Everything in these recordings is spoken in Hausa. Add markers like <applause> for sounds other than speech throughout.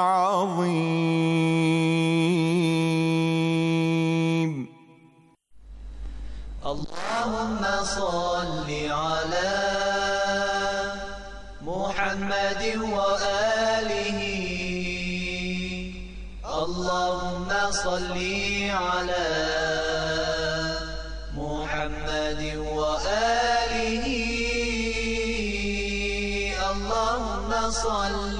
عظيم اللهم صل على محمد وآله اللهم صل على محمد وآله اللهم صل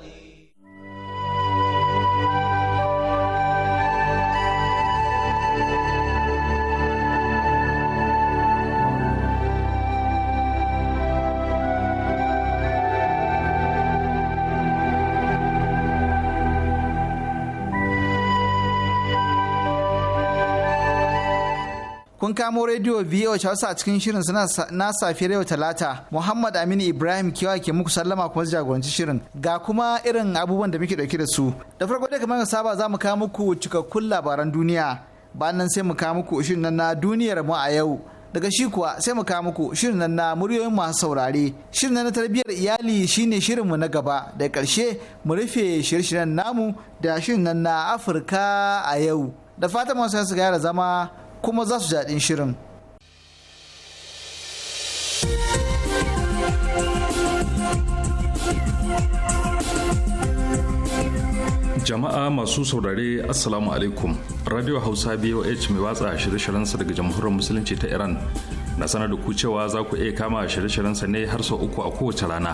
kun kamo rediyo biyu wacce wasu a cikin shirin na safiyar yau talata muhammad aminu ibrahim kewa ke muku sallama kuma jagoranci shirin ga kuma irin abubuwan da muke dauke da su da farko dai kamar saba za mu kawo muku cikakkun labaran duniya bayan nan sai mu kawo muku shirin na duniyar mu a yau daga shi kuwa sai mu kawo muku shirin nan na muryoyin masu saurare shirin na tarbiyyar iyali shine shirin mu na gaba da karshe mu rufe shirye-shiryen namu da shirin nan na afirka a yau da fatan masu su yara zama kuma za su jaɗin shirin. jama'a masu saurare assalamu alaikum radio hausa boh mai watsa shirye sa daga jamhuriyar musulunci ta iran na sanar da ku cewa za ku iya kama shirye sa ne har sau uku a kowace rana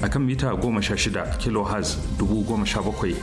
a kan mita 16 kHz 17,595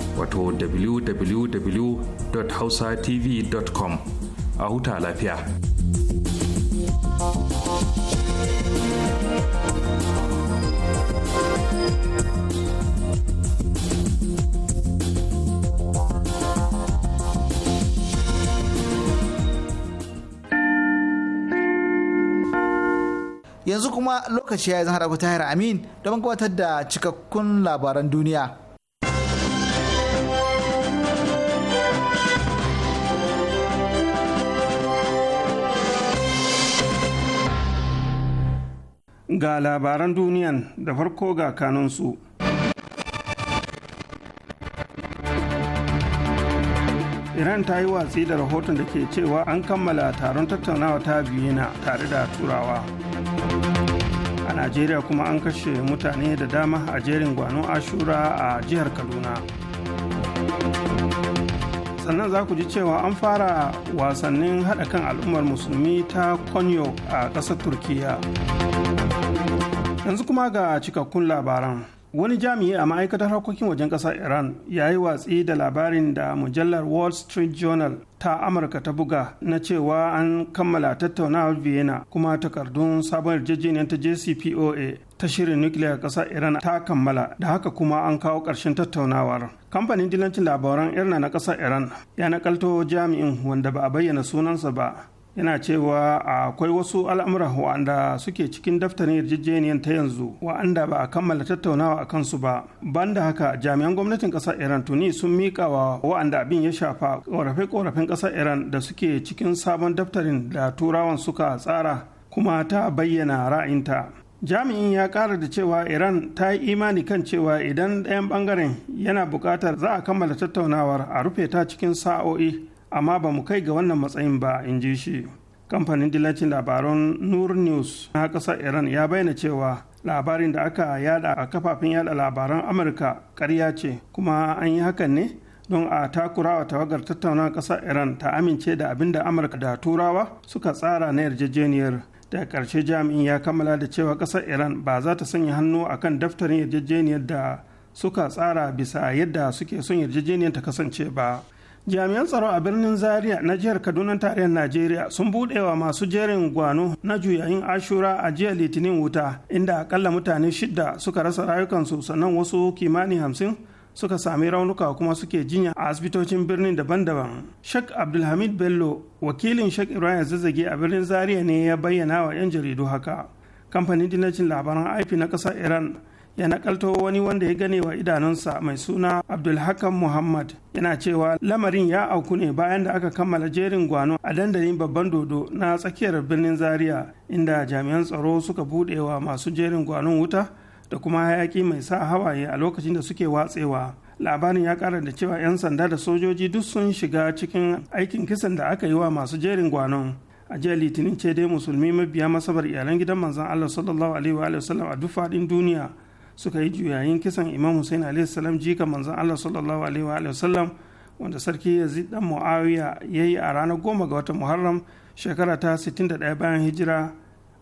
wato www.hausatv.com a huta lafiya. Yanzu kuma lokaci ya yi zan haɗa ku Amin don gabatar da cikakkun labaran duniya. ga labaran duniyan da farko ga kanunsu. iran ta yi watsi da rahoton da ke cewa an kammala taron tattaunawa ta na tare da turawa a najeriya kuma an kashe mutane da dama a jerin gwanon ashura a jihar kaduna sannan za ku ji cewa an fara wasannin haɗa kan al'ummar musulmi ta konyo a ƙasar turkiyya yanzu kuma ga cikakkun labaran wani jami'i a ma'aikatar harkokin wajen ƙasar iran ya yi watsi da labarin da mujallar wall street journal ta amurka ta buga na cewa an kammala tattaunawar vienna kuma takardun sabon yarjejeniyar ta jcpoa ta shirin nukiliyar ƙasar iran ta kammala da haka kuma an kawo ƙarshen tattaunawar kamfanin dilancin labaran irna na ƙasar iran ya nakalto jami'in wanda ba a bayyana sunansa ba yana cewa akwai wasu al'amura wa'anda suke cikin daftarin yarjejeniyar ta yanzu wa'anda ba a kammala tattaunawa a kansu ba banda haka jami'an gwamnatin kasar iran tuni sun mika wa wa'anda abin ya shafa korafe korafen kasar iran da suke cikin sabon daftarin da turawan suka tsara kuma ta bayyana ra'ayinta jami'in ya kara da cewa iran ta yi imani kan cewa idan ɗayan bangaren yana buƙatar za a kammala tattaunawar a rufe ta cikin sa'o'i amma ba mu kai ga wannan matsayin ba in ji shi kamfanin dillacin labaran nur news na ƙasar iran ya bayyana cewa labarin da aka yada a kafafen yada labaran amurka karya ce kuma an yi hakan ne don a takurawa tawagar tattaunawa ƙasar iran ta amince da abin da amurka da turawa suka tsara na yarjejeniyar da ƙarshe jami'in ya kammala da cewa ƙasar iran ba za ta sanya hannu a kan daftarin yarjejeniyar da suka tsara bisa yadda suke son yarjejeniyar ta kasance ba jami'an tsaro a birnin zaria na jihar kaduna tarayyar najeriya sun buɗewa masu jerin gwano na juyayin ashura a jiya litinin wuta inda akalla mutane shidda suka rasa rayukansu sannan wasu kimanin hamsin suka sami raunuka kuma suke jinya a asibitocin birnin daban-daban shek abdulhamid bello wakilin shek ibrahim zazzage a birnin zaria ne ya bayyana wa 'yan jaridu haka kamfanin dinacin labaran ip na ƙasar iran ya nakalto wani wanda ya gane wa idanunsa mai suna abdulhakan muhammad yana cewa lamarin ya auku ne bayan da aka kammala jerin gwano a dandalin babban dodo na tsakiyar birnin zaria inda jami'an tsaro suka buɗe wa masu jerin gwanon wuta da kuma hayaki mai sa hawaye a lokacin da suke watsewa labarin ya kara da cewa 'yan sanda da sojoji duk sun shiga cikin aikin kisan da aka yi wa masu jerin gwanon a jiya litinin ce dai musulmi mabiya masabar iyalan gidan manzon allah sallallahu alaihi wa sallam a duk faɗin duniya suka yi juyayin kisan imam hussein a.s. jika manzan allah sallallahu alaihi wa wanda sarki yazid dan muawiya ya yi a ranar goma ga watan muharram shekara ta 61 bayan hijira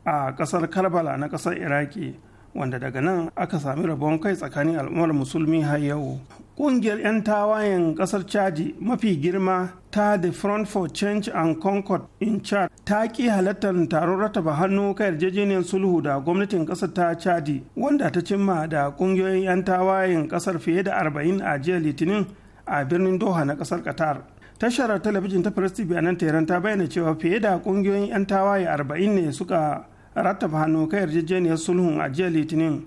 a kasar karbala na kasar iraki wanda daga nan aka sami rabon kai tsakanin al'ummar musulmi har yau ƙungiyar 'yan tawayen kasar chadi mafi girma ta the front for change and concord in chad ta ƙi halartar taron rataba hannu ka yarjejeniyar sulhu da gwamnatin ƙasar ta chadi wanda ta cimma da ƙungiyoyin 'yan tawayen ƙasar fiye da 40 a jiya litinin a birnin doha na ƙasar qatar tashar talabijin ta press tv a nan teran ta bayyana cewa fiye da ƙungiyoyin 'yan tawaye 40 ne suka rattaba hannu ka yarjejeniyar sulhun a jiya litinin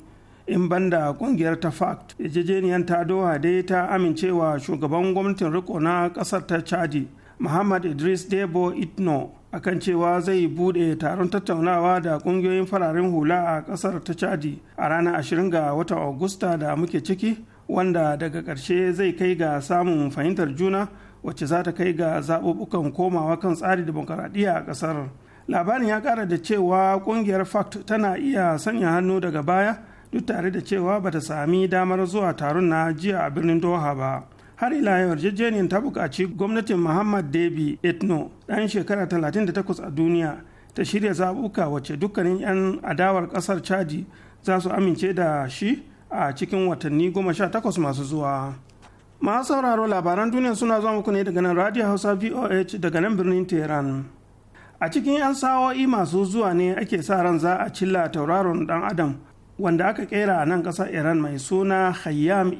in banda kungiyar ta fact yarjejeniyar ta doha dai ta amincewa shugaban gwamnatin riko na kasar ta chadi muhammad idris debo itno akan cewa zai bude taron tattaunawa da kungiyoyin fararen hula a kasar ta chadi a ranar 20 ga watan augusta da muke ciki wanda daga karshe zai kai ga samun fahimtar juna wacce za ta kai ga zaɓuɓɓukan komawa kan tsari dimokuraɗiyya a ƙasar labarin ya ƙara da cewa ƙungiyar fact tana iya sanya hannu daga baya duk tare da cewa bata sami damar zuwa taron na jiya a birnin doha ba har ila yau yarjejeniyar ta buƙaci gwamnatin muhammad debi etno ɗan shekara 38 a duniya ta shirya zaɓuka wacce dukkanin 'yan adawar ƙasar chadi za su amince da shi a cikin watanni 18 masu zuwa masu sauraro labaran duniya suna zuwa muku ne daga nan radio hausa voh daga nan birnin tehran a cikin 'yan sawo'i masu zuwa ne ake sa ran za a cilla tauraron dan adam wanda aka kera a nan ƙasar iran mai suna hayyam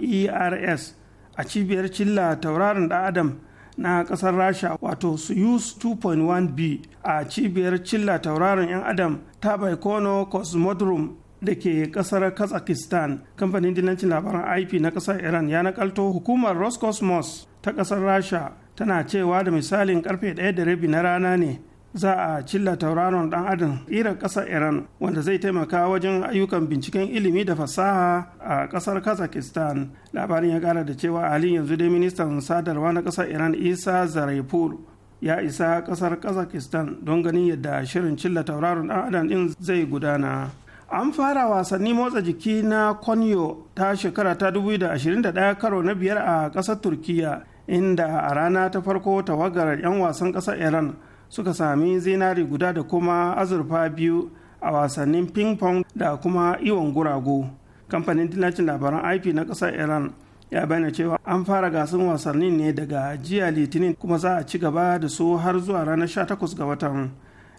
ers a cibiyar cilla tauraron da adam na ƙasar rasha wato soyuz 2.1b a cibiyar cilla tauraron 'yan adam ta baikono cosmodrome da ke kasar kazakhstan kamfanin dinancin labaran ip na kasar iran ya nakalto hukumar roscosmos ta kasar rasha tana cewa da misalin karfe 1 da rabi na rana ne za a cilla tauraron dan adam iran kasar iran wanda zai taimaka wajen ayyukan binciken ilimi da fasaha a kasar kazakhstan labarin ya kara da cewa halin yanzu dai ministan sadarwa na kasar iran isa zaraipur ya isa kasar kazakhstan don ganin yadda shirin cilla tauraron dan adam din zai gudana an fara wasanni motsa jiki na konyo ta shekara ta 2021 karo na biyar a kasar turkiya inda a rana ta farko tawagar 'yan wasan kasar iran suka sami zinari guda da kuma azurfa biyu a wasannin ping pong da kuma iwon gurago kamfanin dinacin labaran ip na ƙasar iran ya bayyana cewa an fara gasar wasannin ne daga jiya litinin kuma za a ci gaba da su har zuwa ranar 18 ga watan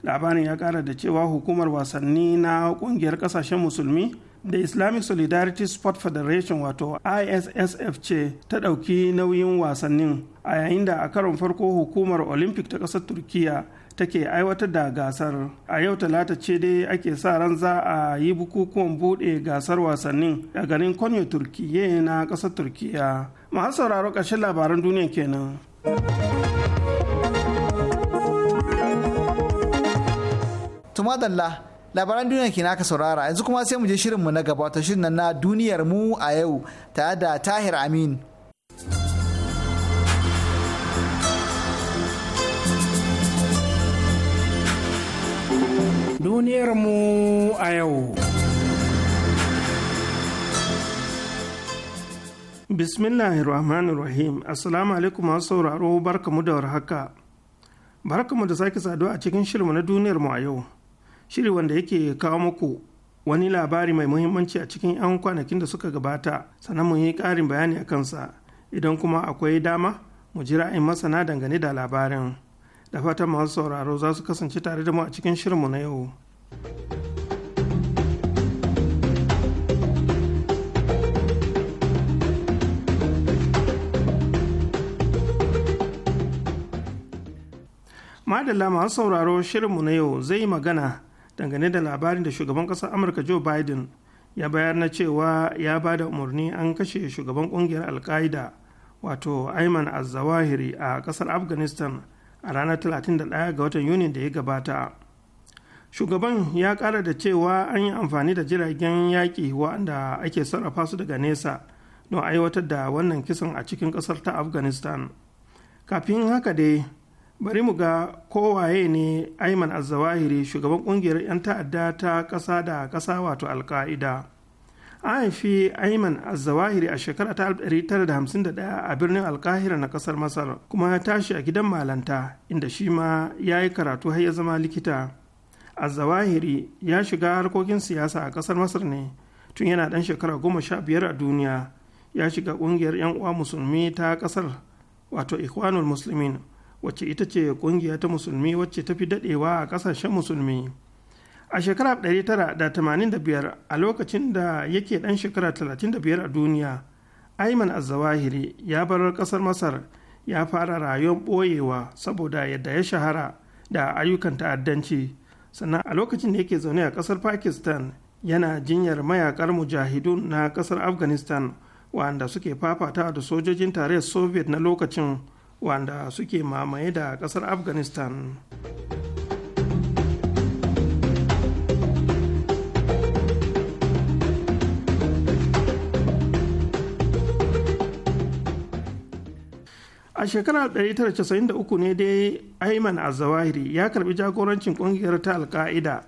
labarin ya kara da cewa hukumar wasanni na kungiyar kasashen musulmi da islamic solidarity sport federation wato issf ce ta ɗauki nauyin wasannin a yayin da a karon farko hukumar olympic ta ƙasar turkiya take aiwatar da gasar a yau talata ce dai ake sa ran za a yi bukukuwan buɗe gasar wasannin a garin konyo turkiye na ƙasar turkiya masu sauraro ƙarshen labaran duniya kenan. tumadalla labaran duniya ke naka saurara yanzu kuma sai mu je mu na gaba ta shirin na duniyar mu a yau tare da tahir amin duniyar mu a yau rahmanir rahim Assalamu alaikum masu sauraro barkamu da warhaka. Barkamu da sake saduwa a cikin shirinmu na duniyar mu a yau. shiri wanda yake kawo muku wani labari mai muhimmanci a cikin 'yan kwanakin da suka gabata sannan mu yi ƙarin bayani a kansa idan kuma akwai dama mu ji ra'ayin masana dangane da labarin da fatan masu sauraro za su kasance tare da mu a cikin shirinmu na yau. madalla masu sauraro shirinmu na yau zai magana dangane da labarin da shugaban ƙasar amurka joe biden ya bayar na cewa ya ba da umarni an kashe shugaban ƙungiyar al-qaida wato ayman azawahiri a ƙasar afghanistan a ranar 31 ga watan yuni da ya gabata shugaban ya ƙara da cewa an yi amfani da jiragen yaƙi wanda ake sarrafa su daga nesa don aiwatar da wannan kisan a cikin ƙasar ta afghanistan kafin haka dai bari mu ga kowaye ne aiman azawahiri shugaban kungiyar 'yan ta'adda ta ƙasa da ƙasa wato alka'ida an haifi aiman azawahiri a shekara ta 1951 a birnin alkahira na ƙasar masar kuma ya tashi a gidan malanta inda shi ma ya yi karatu har ya zama likita azawahiri ya shiga harkokin siyasa a ƙasar masar ne tun yana ɗan shekara goma sha biyar a duniya ya shiga ƙungiyar 'yan uwa musulmi ta ƙasar wato ikhwanul muslimin wacce ita ce kungiya ta musulmi wacce ta fi dadewa a kasashen musulmi a shekara 1985 a lokacin da yake dan shekara 35 a duniya ayman azawahiri ya bar kasar masar ya fara rayuwar boyewa saboda yadda ya shahara da ayyukan ta'addanci sannan a lokacin da yake zaune a kasar pakistan yana jinyar mayakar mujahidun na kasar afghanistan wanda suke fafata da sojojin tarayyar soviet na lokacin wanda suke mamaye da kasar afghanistan a shekarar 1993 ne dai ayman zawahiri ya karbi jagorancin kungiyar ta alka'ida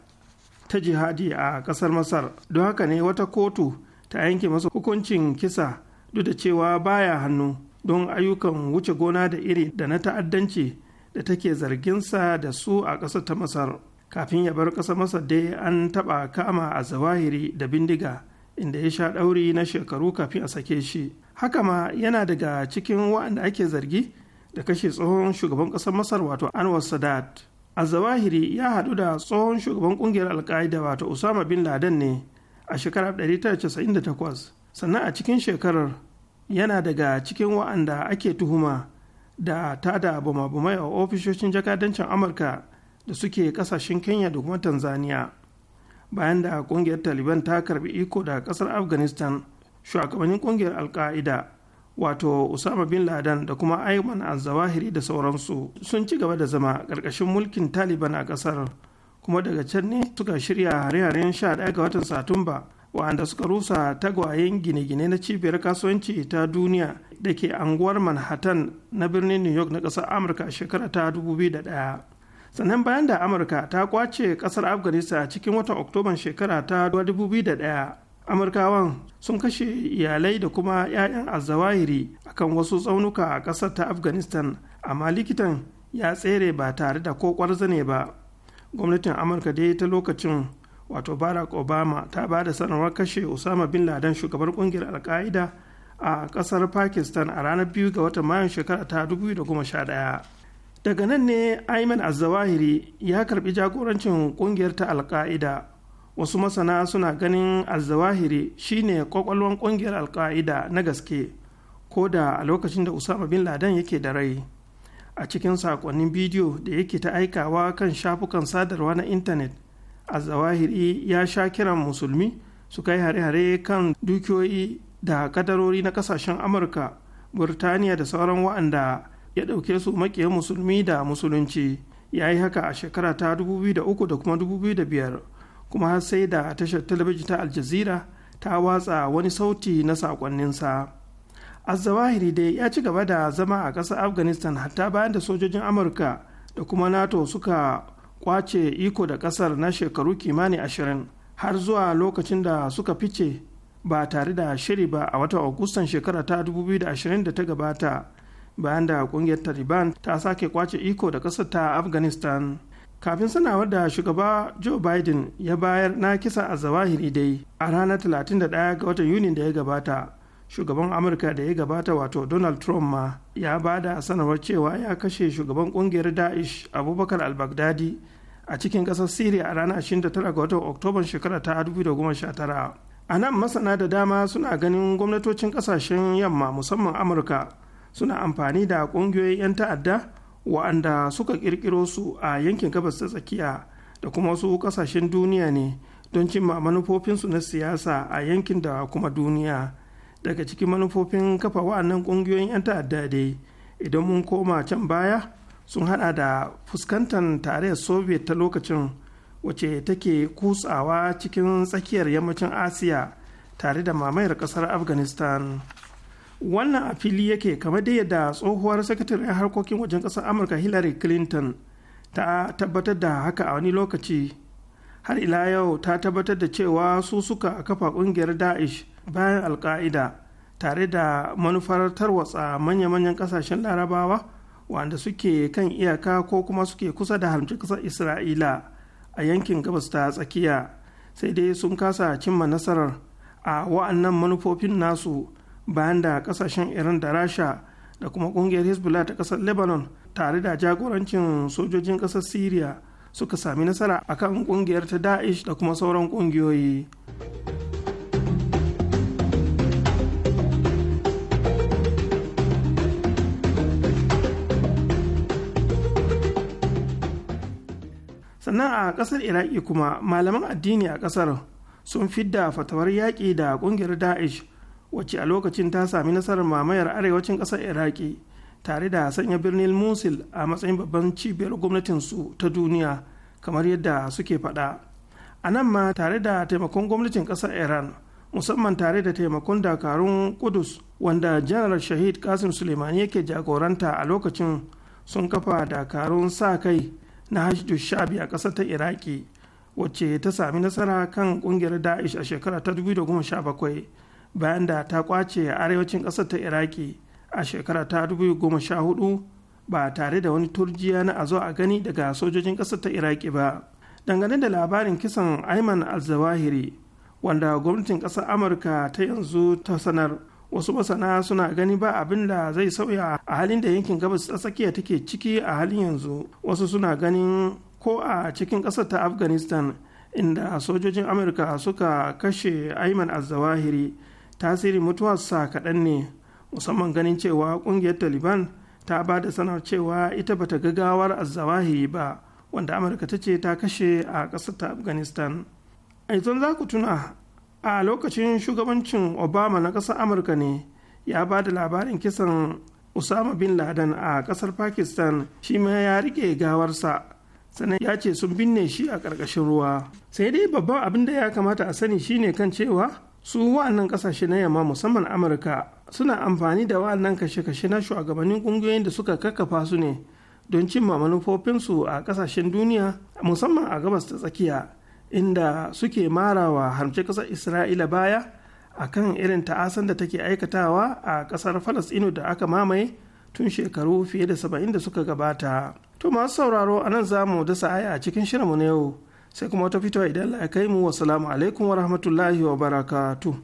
ta jihadi a kasar masar don haka ne wata kotu ta yanke masa hukuncin kisa duk da cewa baya hannu don ayyukan wuce gona da iri da na ta'addanci da take zarginsa da su a ƙasar ta masar kafin ya bar ƙasar masar dai an taɓa kama a zawahiri da bindiga inda ya sha ɗauri na shekaru kafin a sake shi haka ma yana daga cikin waɗanda ake zargi da kashe tsohon shugaban ƙasar masar wato anwar sadat a zawahiri ya haɗu da tsohon shugaban ƙungiyar alka'ida wato usama bin laden ne a shekarar 1998 sannan a cikin shekarar yana daga cikin wa'anda ake tuhuma da tada bama-bamai a ofishoshin jakadancin amurka da suke kasashen kenya da kuma tanzania bayan da kungiyar taliban ta karbi iko da kasar afghanistan shugabannin kungiyar alka'ida wato usama bin laden da kuma ayman al-zawahiri da sauransu sun ci gaba da zama karkashin mulkin taliban a ƙasar kuma daga can ne suka shirya hare-haren 11 ga watan satumba Wanda suka rusa tagwayen gine-gine na cibiyar kasuwanci ta duniya da ke anguwar manhattan na birnin new york na ƙasar amurka shekara ta 2001 sannan bayan da amurka ta kwace ƙasar afghanistan cikin watan oktoban shekara ta 2001 amurkawan sun kashe iyalai da kuma 'ya'yan azawahiri akan wasu tsaunuka a ƙasar ta afghanistan amma likitan ya tsere ba tare da ko zane ba gwamnatin amurka dai ta lokacin wato barack obama ta ba da sanarwar kashe usama bin laden shugabar kungiyar alka'ida a kasar pakistan a ranar biyu ga watan mayan shekara ta 2011 daga nan ne ayman azawahiri ya karbi jagorancin kungiyar ta alka'ida wasu masana suna ganin azawahiri shine kwakwalwan kungiyar alka'ida na gaske ko da a lokacin da usama bin laden yake da rai a cikin sakonnin bidiyo da yake ta aikawa kan shafukan sadarwa na intanet a zawahiri ya sha kiran musulmi su kai hare-hare kan dukiyoyi da kadarori na kasashen amurka burtaniya da sauran wa'anda ya ɗauke su makiya musulmi da musulunci ya yi haka a shekara ta 2003 da kuma 2005 kuma har sai da tashar talabijin ta aljazira ta watsa wani sauti na sakonninsa azawahiri dai ya ci gaba da zama a ƙasar afghanistan hatta bayan da sojojin amurka da kuma nato suka kwace iko da ƙasar na shekaru kimani ashirin har zuwa lokacin da suka fice ba tare da shiri ba a watan agustan shekara ta 2020 da ta gabata bayan da kungiyar taliban ta sake kwace iko da ƙasar ta afghanistan kafin sanawar da shugaba joe biden ya bayar na kisa a zawahiri dai a ranar 31 ga watan yuni da ya gabata shugaban amurka da ya gabata wato donald trump ma ya ba da sanarwar cewa ya kashe shugaban kungiyar daesh abubakar al-baghdadi a cikin kasar syria a ranar 29 ga watan oktoban shekara ta 2019 a nan masana da dama suna ganin gwamnatocin kasashen yamma musamman amurka suna amfani da kungiyoyin 'yan ta'adda wa'anda suka kirkiro su a yankin gabas ta tsakiya da kuma wasu kasashen duniya ne don cimma manufofinsu na siyasa a yankin da kuma duniya. daga cikin manufofin kafa wa'annan ƙungiyoyin 'yan ta'adda dai idan mun koma can baya sun hada da fuskantar tarayyar soviet ta lokacin wace take kutsawa cikin tsakiyar yammacin asiya tare da mamayar kasar afghanistan wannan a fili yake kamar da yadda tsohuwar sakataren harkokin wajen kasar amurka hillary clinton ta tabbatar da haka a wani lokaci har ila yau ta tabbatar da cewa su suka kafa kungiyar daesh bayan alka'ida tare da manufar tarwatsa manya-manyan kasashen larabawa wanda suke kan iyaka ko kuma suke kusa da halmci kasar isra'ila a yankin gabas ta tsakiya sai dai sun kasa cimma nasarar a wa'annan manufofin nasu bayan da kasashen iran da rasha da kuma kungiyar hezbollah ta kasar lebanon tare da jagorancin sojojin kasar syria suka sami nasara akan kungiyar ta da'ish da kuma sauran kungiyoyi. sannan a kasar iraki kuma malaman addini a kasar sun fidda fatawar yaƙi da ƙungiyar daesh wacce a lokacin ta sami nasarar mamayar arewacin ƙasar iraki tare da sanya birnin musil a matsayin babban cibiyar gwamnatinsu ta duniya kamar yadda suke faɗa a nan ma tare da taimakon gwamnatin ƙasar iran musamman tare da taimakon dakarun kudus wanda janar shahid kasim suleimani yake jagoranta a lokacin sun kafa dakarun sa kai na hashdu shabi a ƙasar ta iraki wacce ta sami nasara kan ƙungiyar da'ish a shekara ta 2017 bayan da ta kwace arewacin ƙasar ta iraki a shekara ta 2014 ba tare da wani turjiya na azo a gani daga sojojin ƙasar ta iraki ba dangane da labarin kisan ayman al-zawahiri wanda gwamnatin ƙasar amurka ta yanzu ta sanar wasu masana suna gani ba abin da zai sauya a halin da yankin gabas ta tsakiya take ciki a halin yanzu wasu suna ganin ko a cikin ƙasar ta afghanistan inda sojojin amurka suka kashe ayman azawahiri tasirin mutuwarsa kaɗan ne musamman ganin cewa ƙungiyar taliban ta ba da sanar cewa ita bata gagawar azawahiri ba wanda amurka ta ce ta kashe a ƙasar ta afghanistan a za ku tuna a lokacin shugabancin obama na ƙasar amurka ne ya ba da labarin kisan usama bin laden a ƙasar pakistan shi ma ya rike gawarsa sannan ya ce sun binne shi a ƙarƙashin ruwa sai dai babban abin da ya kamata a sani shine kan cewa su wa'annan ƙasashe na yamma musamman amurka suna amfani da wa'annan kashe-kashe na shugabannin ƙungiyoyin da suka kakkafa su ne don cimma manufofinsu a ƙasashen duniya musamman a gabas ta tsakiya inda suke marawa harmce ƙasar isra'ila baya akan irin ta'asan da take aikatawa a ƙasar falasɗinu da aka mamaye tun shekaru fiye da saba'in da suka gabata to masu sauraro a nan za mu dasa aya a cikin shirinmu na yau sai kuma wata fitowa idan la kai mu wasalamu alaikum wa rahmatullahi wa barakatu.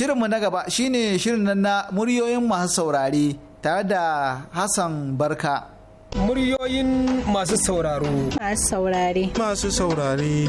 Shirinmu na gaba shine shirin nan na muryoyin masu saurare tare da Hassan Barka. Muryoyin masu sauraro. Masu saurare. Masu saurare.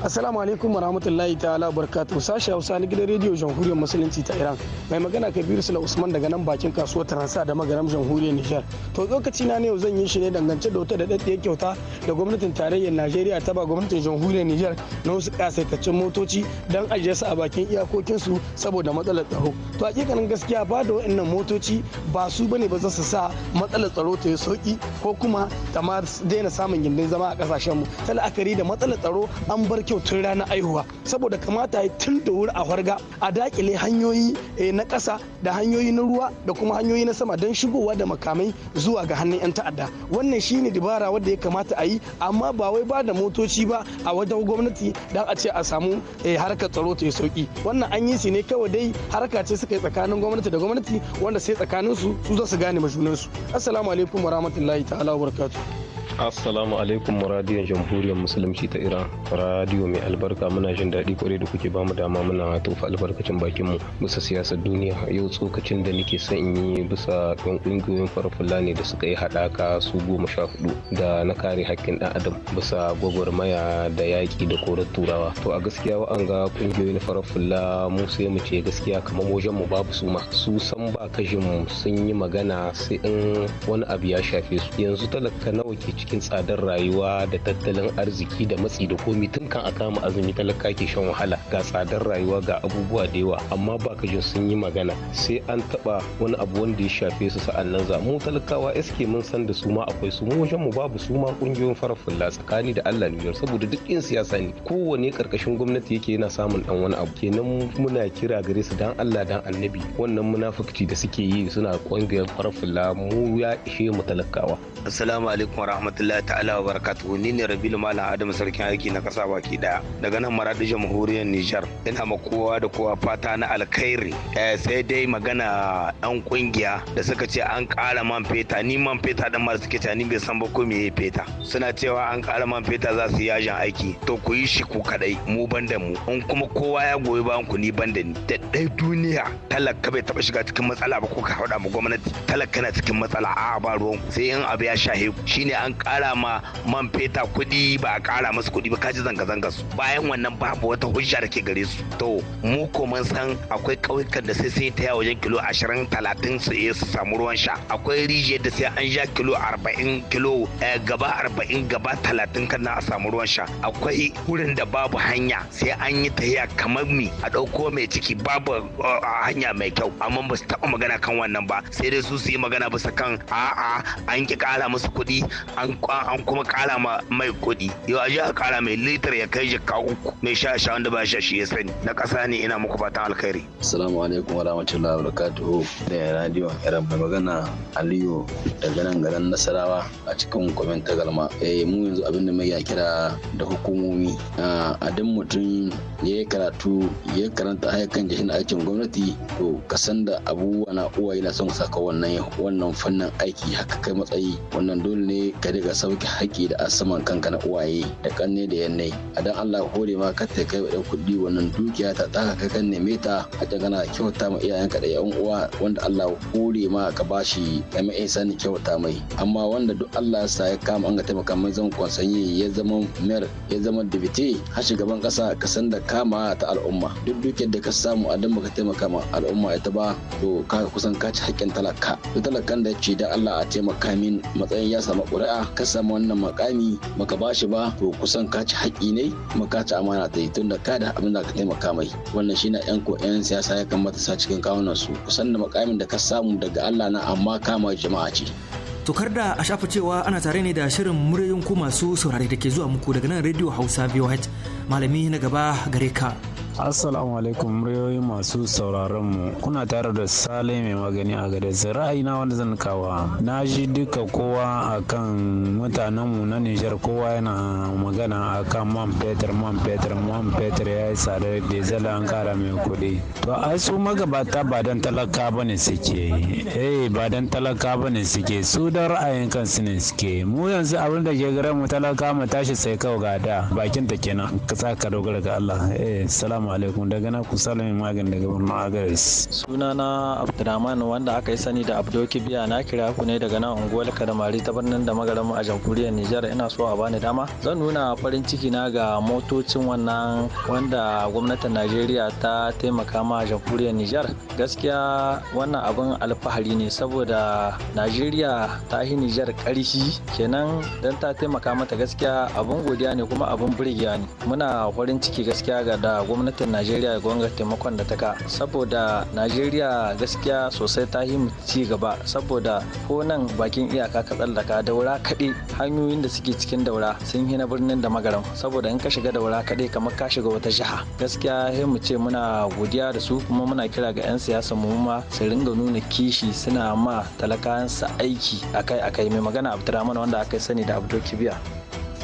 Assalamu alaikum wa rahmatullahi ta'ala barkatu sashi Hausa na gidan rediyo Jamhuriyar Musulunci ta Iran. Mai magana Kabiru Sula Usman daga nan bakin kasuwar Taransa da magaram Jamhuriyar Nijar. To lokaci na yau zan yi shi ne dangance da wata da daddiyar kyauta da gwamnatin tarayyar Najeriya ta ba gwamnatin Jamhuriyar Nijar na wasu kasaitaccen motoci don ajiye su a bakin iyakokin su saboda matsalar tsaro. To hakikanin gaskiya ba da wa'annan motoci ba su bane ba za su sa matsalar tsaro ta yi sauki ko kuma ta ma daina samun gindin zama a kasashen mu Ta la'akari da matsalar tsaro an bar kyau tun ranar aihuwa saboda kamata ya tun da wuri a farga a dakile hanyoyi eh, na ƙasa da hanyoyi na ruwa da kuma hanyoyi na sama don shigowa da makamai zuwa ga hannun 'yan ta'adda wannan shine dibara wadda ya kamata a yi amma ba wai ba da motoci ba a wajen gwamnati don a ce a samu eh, harkar tsaro ta yi sauki wannan an yi su ne kawai dai harka ce suka yi tsakanin gwamnati da gwamnati wanda sai tsakanin su su za su gane majunansu assalamu alaikum warahmatullahi ta'ala wabarakatuh Assalamu alaikum radiyon jamhuriyar musulunci ta Iran. Radiyo mai albarka muna jin daɗi kwarai da kuke bamu dama muna tofa albarkacin bakinmu bisa siyasar duniya. Yau tsokacin da nake son in yi bisa ɗan ƙungiyoyin farfulla ne da suka yi haɗaka su goma sha hudu da na kare haƙƙin ɗan adam bisa gwagwarmaya da yaƙi da korar turawa. To a gaskiya ga ƙungiyoyin farfulla mu sai mu ce gaskiya kamar wajen mu babu su ma. Su san ba kashin sun yi magana sai in wani abu ya shafe su. Yanzu talaka nawa ke cikin tsadar rayuwa da tattalin arziki da matsi da komi tun kan a kama azumi talaka ke shan wahala ga tsadar rayuwa ga abubuwa da yawa amma ba ka jin sun yi magana sai an taba wani abu wanda ya shafe su sa'an nan za mu talakawa eske mun san da su ma akwai su mu wajen mu babu su ma kungiyoyin farafulla tsakani da Allah ne saboda duk in siyasa ne kowane karkashin gwamnati yake yana samun dan wani abu kenan muna kira gare su dan Allah dan annabi wannan munafukci da suke yi suna kungiyar farafulla mu ya ishe mu talakawa assalamu alaikum warahmatullahi rahmatullahi ta'ala wa barakatuhu ni ne Rabilu Malam Adamu sarkin aiki na kasa baki daya daga nan Maradi Jamhuriyar Nijar ina ma kowa da kowa fata na alkhairi eh, sai dai magana yan kungiya da suka ce an ƙara man feta ni man feta dan ma suke ni bai san ba ko me feta suna cewa an ƙara man feta za su yajin aiki to ku yi shi ku kadai mu banda mu in kuma kowa ya goyi bayan ku ni banda ni da dai duniya talaka bai taba shiga cikin matsala ba ko ka hada mu gwamnati talaka na cikin matsala a ba ruwan sai in abu ya shahe shine an kara ma man feta kuɗi ba a ƙara musu kuɗi ba kaji zanga-zanga su bayan wannan babu wata hujja da ke gare su to mu ko mun san akwai kauyukan da sai sai ta wajen kilo ashirin talatin su iya su samu ruwan sha akwai rijiyar da sai an ja kilo arba'in kilo eh, gaba arba'in gaba talatin kana a samu ruwan sha akwai wurin da babu hanya sai an yi tahiya kamar mi a dauko mai ciki babu hanya mai kyau amma ba su taba magana kan wannan ba sai dai su su yi magana bisa kan a'a an ki ƙara musu kuɗi an an kuma kara ma mai kuɗi yau aje a kara mai litar ya kai jikka uku mai sha sha wanda ba shi ya sani na kasa ne ina muku fatan alkhairi assalamu alaikum wa rahmatullahi wa barakatuhu da radio yaran mai magana aliyu daga nan garin nasarawa a cikin kwamen tagalma eh mu yanzu abin da mai ya kira da hukumomi ah, a dan mutum ya yi karatu ya karanta ayyukan jihin aikin gwamnati to kasan da abubuwa na uwa yana son saka wannan fannin aiki haka kai matsayi wannan dole ne ka misali ga sauke haƙƙi da asaman kanka na uwaye da kanne da yannai a dan Allah hore ma ka ta kai da kuɗi wannan dukiya ta taka ka kan neme ta a ta gana kyauta ma iyayenka da yan uwa wanda Allah hore ma ka bashi ka mai sani kyauta mai amma wanda duk Allah sa ya kama an ga taimaka mai kwasan yi ya zama mer ya zama dibite har shugaban kasa ka san da kama ta al'umma duk dukiyar da ka samu a dan baka taimaka ma al'umma ita ba to ka kusan ka ci haƙƙin talaka duk talakan da ya ce da Allah a taimaka min matsayin ya samu ƙuri'a ka samu wannan makami maka ba shi ba to kusan ka ci haƙƙi ne kuma ka ci amana ta yi tunda ka da abin da ka taimaka mai wannan shi na 'yan ko 'yan siyasa ya kamata sa cikin kawunan su kusan da makamin da ka samu daga Allah na amma kama jama'a ce. kar da a shafa cewa ana tare ne da shirin muryoyin ku masu saurare da ke zuwa muku daga nan rediyo Hausa VOH Malami na gaba gare ka. assalamu alaikum muryoyi masu sauraron mu kuna tare da sale mai magani a gada na wanda zan kawa na ji duka kowa akan mutanen mu na nijar kowa yana magana akan man fetur man fetur man fetur ya yi tsada da zala an kara mai kuɗi to a su magabata ba dan talaka ba ne suke eh ba dan talaka ba ne suke su da ra'ayin kansu ne suke mu yanzu abin da ke gare mu talaka mu tashi sai kawai ga da bakin ta kenan ka sa ka dogara ga Allah eh salamu assalamu alaikum daga na kusa da daga agaris sunana abdurrahman wanda aka yi sani da abdo kibiya na kira ku ne daga nan unguwar kadamari ta birnin da magaramu a jamhuriyar nijar ina so a bani dama zan nuna farin ciki na ga motocin wannan wanda gwamnatin najeriya ta taimaka ma jamhuriyar nijar gaskiya wannan abin alfahari ne saboda najeriya ta yi nijar karshi kenan don ta taimaka mata gaskiya abin godiya ne kuma abin burgiya ne muna farin ciki gaskiya ga da gwamnati. gwamnatin najeriya gwamnatin taimakon da ta ka saboda najeriya gaskiya sosai ta yi ci gaba saboda ko nan bakin iyaka ka tsallaka daura kaɗe hanyoyin da suke cikin daura sun yi na birnin da magaram saboda in ka shiga daura kaɗe kamar ka shiga wata jiha gaskiya sai mu ce muna godiya da su kuma muna kira ga 'yan siyasa mu ma su ringa nuna kishi suna ma talakansa aiki akai akai mai magana abdurrahman wanda aka sani da abdul kibiya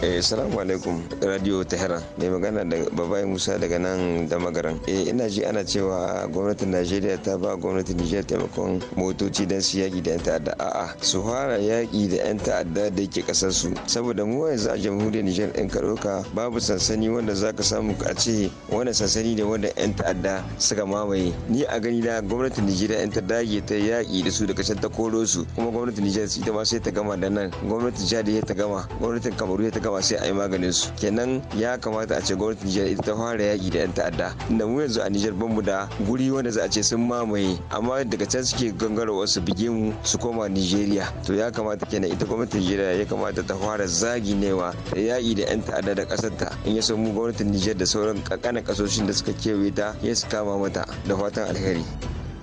Eh, salamu alaikum radio tehran mai magana da babai musa daga nan da magaran eh, ina ji ana cewa gwamnatin najeriya ta ba gwamnatin nijar taimakon motoci don su yaƙi da 'yan ta'adda a'a su fara yaƙi da 'yan ta'adda da ke ƙasar su saboda mu yanzu a jamhuriyar nijar ka karoka babu sansani wanda za ka samu a ce wani sansani da wanda 'yan ta'adda suka mamaye ni a gani na gwamnatin nijeriya 'yan ta dage ta yaƙi da su da can ta koro su kuma gwamnatin nijar ita ma sai ta gama da nan gwamnatin jihar da ta gama gwamnatin kama ya ta gaba sai a yi maganin su kenan ya kamata a ce gwamnatin nijar ita ta fara yaki da yan ta'adda inda mu yanzu a nijar bamu da guri wanda za a ce sun mamaye amma daga can suke gangara wasu bige mu su koma nijeriya to ya kamata kenan ita gwamnatin nijar ya kamata ta fara zagi newa da yaki da yan ta'adda da kasar ta in ya so mu gwamnatin nijar da sauran kakana kasoshin da suka kewaye ta ya su kama mata da fatan alheri.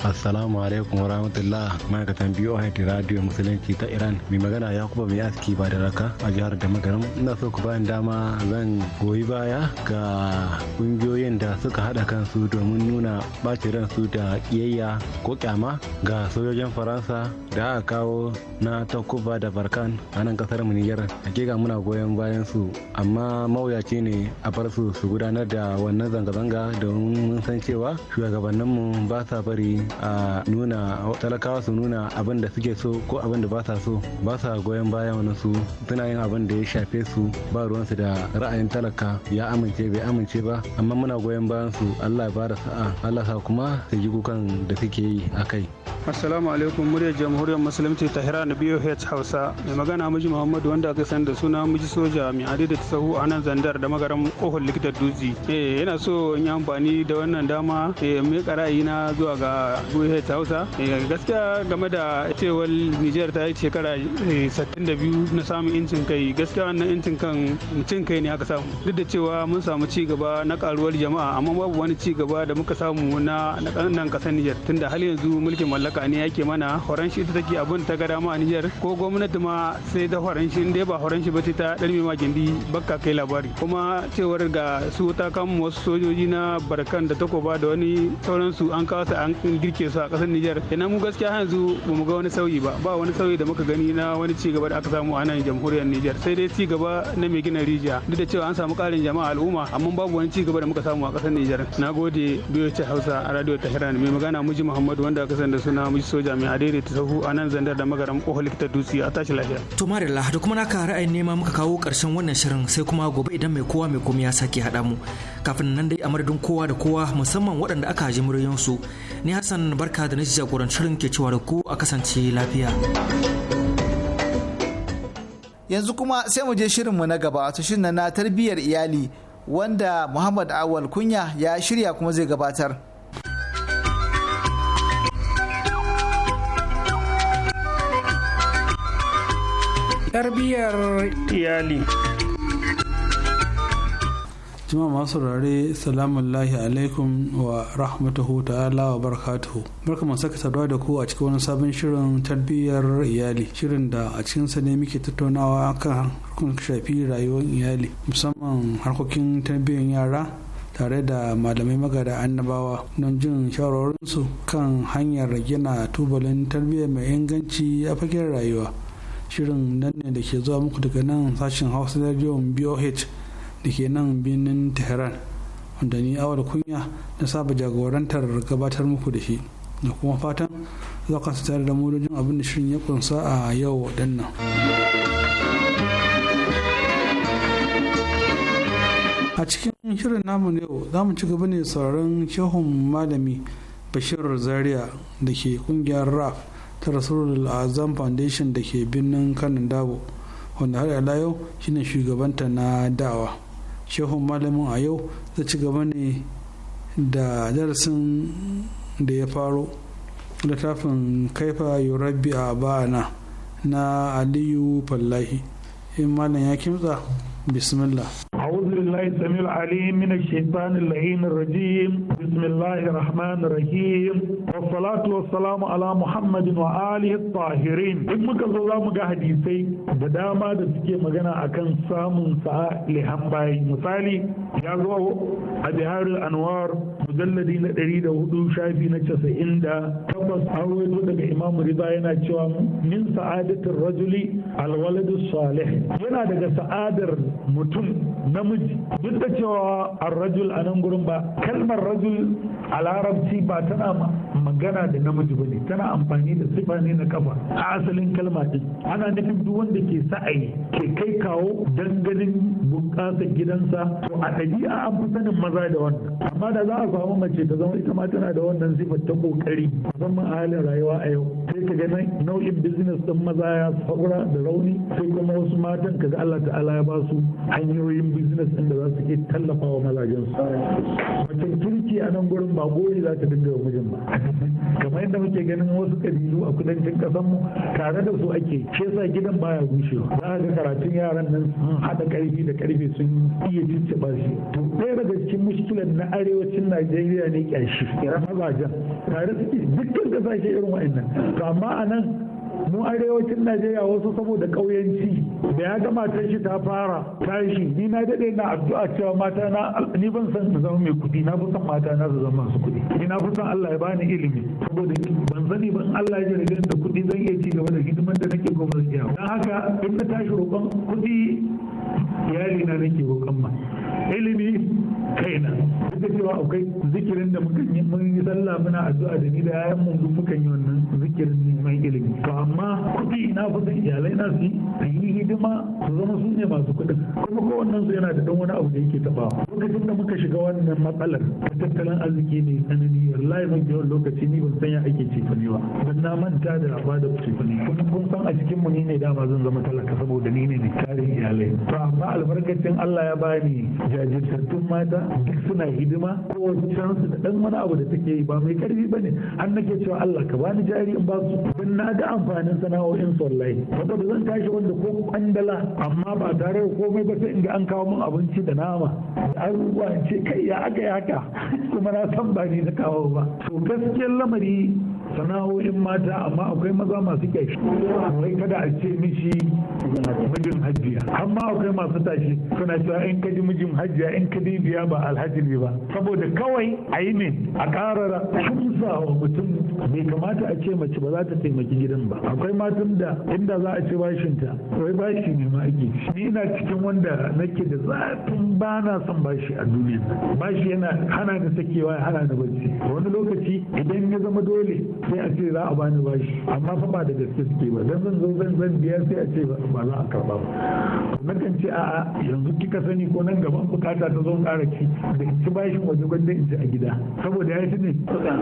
assalamu alaikum wa rahmatullah ma'aikatan biyu a radio musulunci ta iran mai magana ya kuma mai aski ba da raka a jihar da magaram ina so ku bayan dama zan goyi baya ga kungiyoyin da suka haɗa kansu domin nuna ɓacin ransu da ƙiyayya ko kyama ga sojojin faransa da aka kawo na takuba da barkan a nan kasar mu niger hakika muna goyon bayan su amma mawuyaci ne a bar su su gudanar da wannan zanga-zanga domin mun san cewa shugabanninmu ba sa bari a nuna talakawa su nuna abin da suke so ko abin da ba sa so ba sa goyon bayan wani su suna yin abin da ya shafe su ba ruwansu da ra'ayin talaka ya amince bai amince ba amma muna goyon bayan su Allah ya bada sa'a Allah sa kuma su ji kukan da suke yi a kai. Assalamu alaikum muryar jamhuriyar musulunci Tahira na BOH Hausa mai magana miji Muhammadu wanda aka san da suna muji soja mai adi da tsahu a nan zandar da magaran kohon likitar dutse. yana eh, so in yi amfani da wannan dama eh, mai ra'ayi na zuwa ga buhe hausa eh, gaskiya game da cewar nijar ta yi shekara 62 eh, na samun incin kai gaskiya wannan incin kan cin kai ne aka samu duk da cewa mun samu ci gaba na karuwar jama'a amma babu wani ci gaba da muka samu na nan kasar nijar tunda hal yanzu mulkin mallaka ne yake mana horon shi ita take abin ta gada ma nijar ko gwamnati ma sai ta horon shi dai ba horon shi ba ta ɗarme ma gindi bakka kai labari kuma cewar ga su ta kama wasu sojoji na barkan da takoba da wani sauransu an kawo su an ke so a ƙasar Nijar ina mu gaskiya yanzu ba mu ga wani sauyi ba ba wani sauyi da muka gani na wani ci gaba da aka samu a nan jamhuriyar Nijar sai dai ci gaba na mai gina rijiya duk da cewa an samu ƙarin jama'a al'umma amma babu wani ci gaba da muka samu a ƙasar Nijar nagode biyo ci Hausa a radio Tahiran mai magana muji Muhammadu wanda aka sanda suna muji soja mai adere ta sahu a nan zandar da magaram ƙofar likita dutse a tashi lafiya to marilla da kuma naka ra'ayin nema muka kawo ƙarshen wannan shirin sai kuma gobe idan mai kowa mai komai ya sake haɗa mu kafin nan dai a madadin kowa da kowa musamman waɗanda aka haji muryansu. su ni hassan barka da na jagorancin ke cewa da ku a kasance lafiya yanzu kuma sai mu je shirin mu na gaba wato shirin na tarbiyyar iyali wanda muhammad awal kunya ya shirya kuma zai gabatar tarbiyyar iyali jima masu rare salamun lahi alaikum wa rahmatuhu ta'ala wa barakatuhu barka masu saka saduwa da ku a cikin wani sabon shirin tarbiyyar iyali shirin da a cikin ne muke tattaunawa kan harkokin shafi rayuwar iyali musamman harkokin tarbiyyar yara tare da malamai magada annabawa don jin shawararinsu kan hanyar gina tubalin tarbiyya mai inganci a fagen rayuwa shirin nan ne da ke zuwa muku daga nan sashen hausa na bioh da ke nan birnin tehran wanda ni awar kunya na saba jagorantar gabatar muku da shi da kuma fatan za ka su tare da mudojin abin da shirin ya kunsa a yau waɗannan. a cikin shirin namu yau za mu ci gaba ne sauraron shehun malami bashir zaria da ke kungiyar raf ta rasulul azam foundation da ke birnin kanin dabo wanda har yau shine shugabanta na dawa. shehun malamin a yau zai ci gaba ne da darasin da ya faro littafin kaifa yurabbi a ba'ana na aliyu fallahi in malam ya kimtsa bismillah أعوذ بالله السميع العليم من الشيطان اللعين الرجيم بسم الله الرحمن الرحيم والصلاة والسلام على محمد وآله الطاهرين إن مكزو زامو غا حديثي بداما دا سكي مغانا أكن سامن ساعة لهم باي مثالي يا زو أدهار الأنوار mujalladi na ɗari da hudu shafi na casa'in da tabbas an rawaito daga imam riba yana cewa min sa'adatin rajuli alwaladu salih yana daga sa'adar mutum na namiji duk da cewa arrajul a nan gurin ba kalmar rajul a larabci ba tana magana da namiji ba ne tana amfani da sifa ne na kafa a asalin kalma din ana nufin duk wanda ke sa'ayi ke kai kawo ganin bunƙasa gidansa to a ɗabi'a an fi sanin maza da wannan amma da za a samu mace ta zama ita ma tana da wannan sifar ta kokari musamman a halin rayuwa a yau sai ka ga nau'in business din maza ya saura da rauni sai kuma wasu matan kaga Allah ta'ala ya ba su hanyoyin business business ɗin da za su ke tallafa wa mazajen su macen kirki a nan gurin ba gori za ta dinga wa mijin ba kamar yadda muke ganin wasu kabilu a kudancin ƙasar mu tare da su ake ke sa gidan baya gushewa za a ga karatun yaran nan sun haɗa ƙarfi da ƙarfe sun iya cicciɓa shi ɗaya daga cikin mushkilan na arewacin najeriya ne ƙyashi mazajen tare suke dukkan ƙasashe irin wa'annan to amma a nan mu arewacin najeriya wasu saboda ƙauyenci. da ya gama matar shi ta fara tashi ni na daɗe na addu'a cewa mata na ni ban san su zama mai kuɗi na fi son mata na su zama masu kuɗi ni na fi son Allah ya bani ilimi saboda ban sani ban Allah ya rage da kuɗi zan iya ci gaba da hidimar da nake gwamnati yau don haka in ta tashi roƙon kuɗi iyali na nake roƙon ma ilimi kaina da cewa akwai zikirin da muka yi mun yi sallah muna addu'a da ni da yayan mu duk muka yi wannan zikirin neman ilimi to amma kuɗi na fi iyalai na su yi hidima su zama su ne masu kuɗin kuma wannan su yana da dan wani abu da yake taba lokacin da muka shiga wannan matsalar tattalin arziki ne tsanani wallahi mun yawan lokaci ni ban san ya ake cefane ba dan na manta da ba da cefane ne kun san a cikin mu ne dama zan zama talaka saboda ni ne mai iyalai to amma albarkacin Allah ya bani jajirtattun mata duk suna hidima ko su da dan wani abu da take yi ba mai karfi bane an nake cewa Allah ka bani jari in ba su dan na ga amfanin sana'o'in su wallahi ba zan tashi wanda ko kwandala amma ba tare da komai ba sai in ga an kawo min abinci da nama abubuwa ce kai ya aka yaka <laughs> kuma na san ba ni na kawo ba to gaskiyar lamari sana'o'in mata amma akwai maza masu kyai sai kada a ce mishi mijin hajjiya amma akwai masu tashi suna cewa in ka ji mijin hajjiya in ka biya ba alhaji ne ba saboda kawai a yi ne a karara hamsa wa mutum bai kamata a ce mace ba za ta taimaki gidan ba akwai matan da inda za a ce bashinta wai bashi ne ma ake ni ina cikin wanda nake da zafin ba na son bashi a duniya bashi yana hana da sakewa hana ni bacci wani lokaci idan ya zama dole sai a ce za a bani bashi amma fa ba da gaske suke ba zan zan zo zan zan biya sai a ce ba za a karba ba na kan ce a'a yanzu kika sani ko nan gaban bukata ta zo ƙara ki da ki bashin waje gwanda in ji a gida saboda ya ne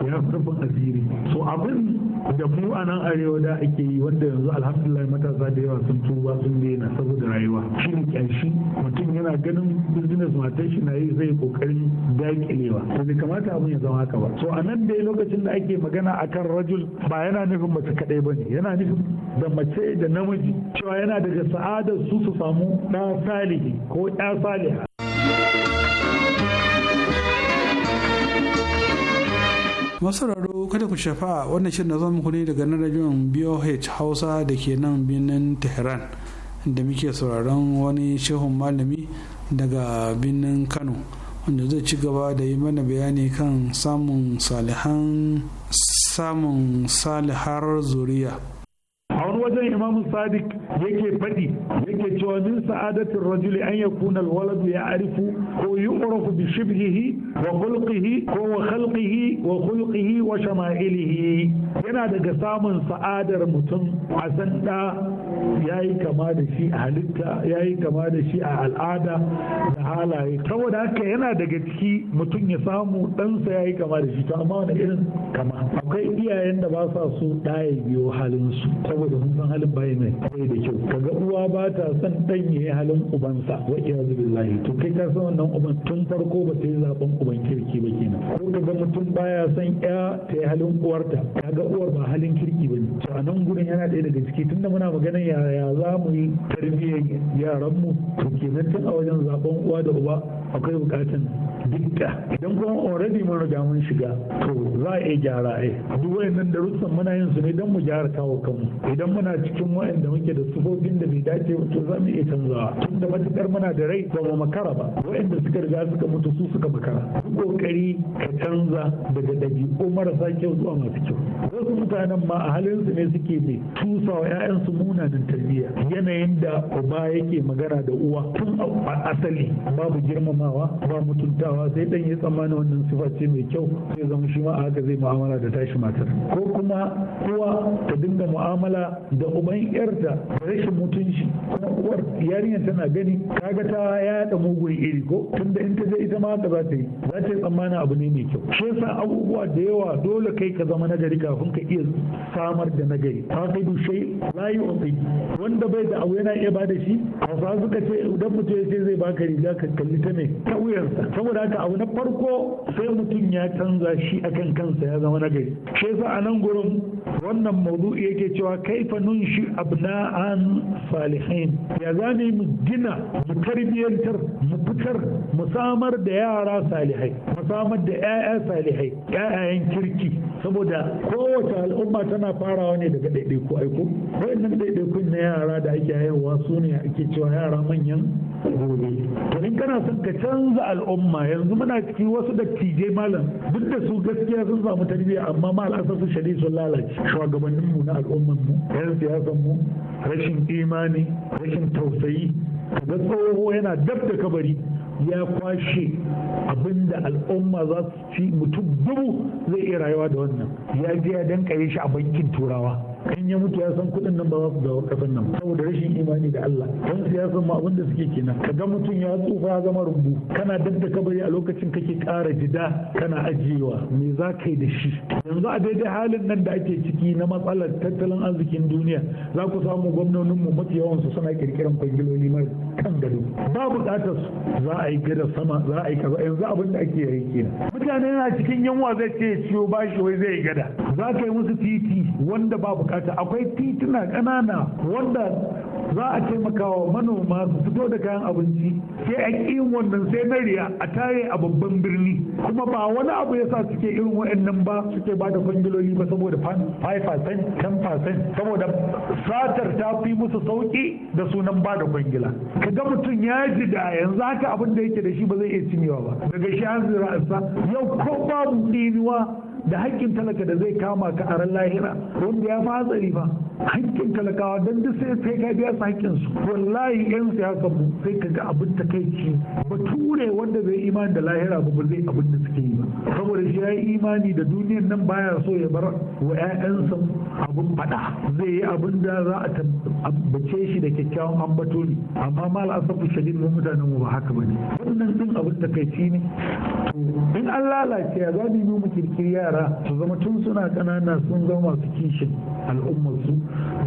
ya furfin asiri so abin da mu a nan arewa da ake yi wanda yanzu alhamdulillah matasa da yawa sun tuba sun daina saboda rayuwa shi ne kyashi mutum yana ganin business matan shi na yi zai kokarin daƙilewa to bai kamata abin ya zama haka ba so a nan dai lokacin da ake magana akan rajul ba yana nufin mace kadai bane yana nufin da mace da namiji cewa yana daga sa'adar su su samu ɗa salihi ko ɗa saliha masararru kada ku shafa wannan shirin na zama ku ne daga nan rajiyon boh hausa da ke nan birnin tehran da muke sauraron wani shehun malami daga birnin kano wanda zai ci gaba da yi mana bayani kan samun salihan samun salihar zuriya wajen imam sadiq yake faɗi yake cewa min sa'adatin rajuli an yakuna alwaladu ya arifu ko yu'rafu bi shibhihi wa khulqihi ko wa khalqihi wa khulqihi wa shama'ilihi yana daga samun sa'adar mutum a san da yayi kama da shi a halitta yayi kama da shi a al'ada da halaye saboda haka yana daga ciki mutum ya samu ɗansa yayi kama da shi to amma wani irin kama akwai iyayen da ba sa so ɗaya biyo halin halinsu saboda san halin bai mai bai da kyau kaga uwa ba ta son dan ya halin ubansa wa iyazu billahi to kai ka san wannan uban tun farko ba ta yi zaben uban kirki ba kenan ko kaga mutum baya son ya ta yi halin uwarta kaga uwar ba halin kirki ba ne to a nan gurin yana ɗaya daga ciki tunda muna maganan yaya za mu yi tarbiyyar yaran mu? to kenan tun a wajen zaben uwa da uba akwai bukatan dukka idan kuma already mun riga mun shiga to za a iya gyara ai eh. duk wayannan darussan muna yin su ne don mu gyara kawo kanmu idan muna cikin wa'anda muke da sufofin da bai dace ba to za mu iya canzawa Tun da matukar muna da rai ba mu makara ba waɗanda suka riga suka mutu su suka makara kokari ka canza daga ko marasa kyau zuwa masu kyau wasu mutanen ma a halin su ne suke ne tusawa 'ya'yansu munanan tarbiyya yadda uba yake magana da uwa tun a asali babu girmamawa ba mutuntawa sai dan ya tsammani wannan sifa ce mai kyau zai zama shi ma a zai mu'amala da tashi matar ko kuma uwa ta dinga mu'amala da uban yarta da rashin mutunci kuma uwar yarinyar tana gani kaga ta da mugun iri ko tunda in ta je ita ma haka za ta yi za ta yi tsammanin abu ne mai kyau shi yasa abubuwa da yawa dole kai ka zama nagari kafin ka iya samar da nagari ta kai dushe layi wanda bai da abu yana iya da shi hausawa suka ce idan mutum ya ce zai ba ka riga ka kalli ta mai ta wuyarsa saboda haka abu na farko sai mutum ya canza shi akan kansa ya zama nagari shi yasa a nan gurin wannan maudu'i yake cewa kaifa na an salihin ya zame mu gina mu tarbiyyantar mu fitar mu samar da yara salihai mu samar da 'ya'ya salihai 'ya'yan kirki saboda kowace al'umma tana farawa ne daga ɗaiɗaiku aiko waɗannan ɗaiɗaikun na yara da ake yayawa su ne ake cewa yara manyan gobe to in kana son ka canza al'umma yanzu muna ciki wasu dattijai malam duk da su gaskiya sun samu tarbiyya amma ma su shari sun lalace shugabannin mu na al'umman mu yan siyasan mu rashin imani rashin tausayi ga tsoho yana dab da kabari ya kwashe abinda al'umma za su ci mutum dubu zai iya rayuwa da wannan ya je ya dankaye shi a bankin turawa in ya mutu ya san kuɗin nan ba za su dawo ƙasar nan saboda rashin imani da Allah don san ma abin da suke kenan kaga mutum ya tsufa ya zama rumbu kana dab da kabari a lokacin kake ƙara jida kana ajiyewa me za ka yi da shi yanzu a daidai halin nan da ake ciki na matsalar tattalin arzikin duniya za ku samu gwamnoninmu mafi yawansu suna kirkiran kwangiloli mara kan gado ba buƙatar su za a yi gada sama za a yi kaza yanzu abin da ake yi kenan mutane na cikin yanwa zai ce ciwo bashi wai zai gada za ka yi musu titi wanda ba buƙatar bukata akwai tituna ƙanana wanda za a taimaka wa manoma su fito da kayan abinci sai a ƙin wannan sai na riya a tare a babban birni kuma ba wani abu ya sa suke irin wa'annan ba suke ba da kwangiloli ba saboda 5% 10% saboda satar ta fi musu sauƙi da sunan ba da kwangila ka ga mutum ya ji da yanzu haka abin da yake da shi ba zai iya cinyewa ba daga shi an zira yau ko babu ɗinuwa da haƙƙin talaka da zai kama ka a ran lahira wanda ya fi hatsari ba haƙƙin talakawa don duk sai sai ka biya su haƙƙin su wallahi yan siyasa mu sai ka ga abin takaici bature wanda bai imani da lahira ba ba zai abin da suke yi ba saboda shi ya yi imani da duniyar nan baya so ya bar wa 'ya'yansa abin faɗa zai yi abin da za a tabbace shi da kyakkyawan ambato ne amma mal asafu shadid mu mutanen mu ba haka bane wannan din abin takaici ne in an lalace ya za mu yi mu kirkiriya yara su zama tun suna ƙanana sun zama masu kishin al'ummarsu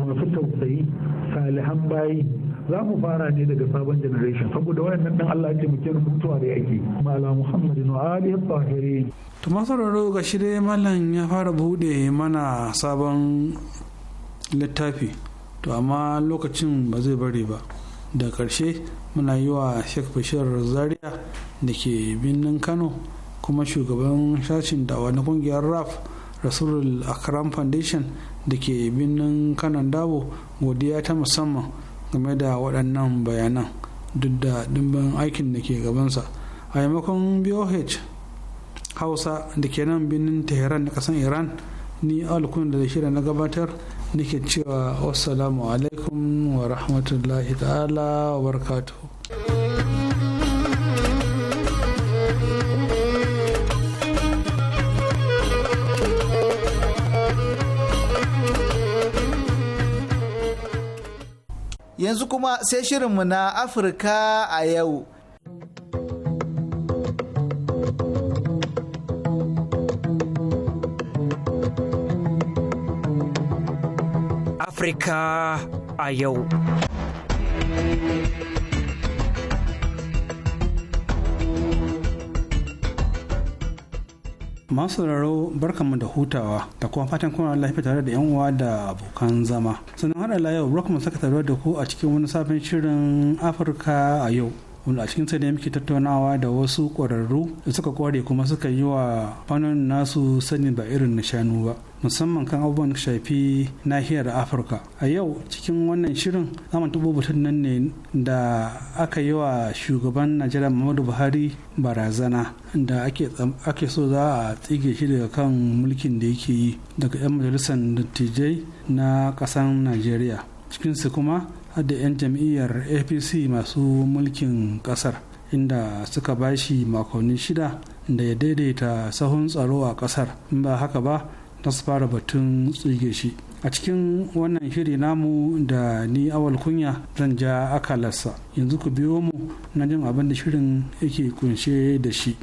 masu tausayi salihan bayi za mu fara ne daga sabon generation saboda wayannan dan Allah ce muke mutuwa da yake mala muhammadin wa alihi tahirin to masararo ga shi dai mallan ya fara bude mana sabon littafi to amma lokacin ba zai bari ba da karshe muna yi wa Sheikh Bashir Zaria da ke birnin Kano kuma shugaban sashin dawa na kungiyar raf rasulul akram foundation da ke birnin kanan dabo godiya ta musamman game da waɗannan bayanan duk da dimbin aikin da ke gabansa a maimakon boh hausa da ke nan birnin tehran da kasan iran ni alkun da shirya na gabatar nake cewa wassalamu alaikum wa rahmatullahi ta'ala wa barakatuhu yanzu kuma sai shirinmu na afirka a yau afirka a yau masu sauraro barkanmu da hutawa da kuma fatan kuna lafiya tare da yan uwa da abokan zama sannan har yau barkanmu saka tare da ku a cikin wani sabon shirin afirka a yau wanda a cikin ne muke tattaunawa da wasu ƙwararru da suka kware kuma suka yi wa fannin nasu sani ba irin na shanu ba musamman kan abubuwan da shafi nahiyar afirka a yau cikin wannan shirin zama tubo batun nan ne da aka yi wa shugaban najeriya muhammadu buhari barazana da ake so za a tsige shi daga kan mulkin da yake yi daga 'yan majalisar dattijai na kasan najeriya cikinsu kuma da 'yan jam'iyyar apc masu mulkin kasar inda suka bashi makonni shida da ya daidaita sahun tsaro a kasar in ba haka ba na su fara batun tsige shi a cikin wannan shiri namu da ni awal kunya zan ja akalarsa yanzu ku biyo mu na jin abin da shirin yake kunshe da shi.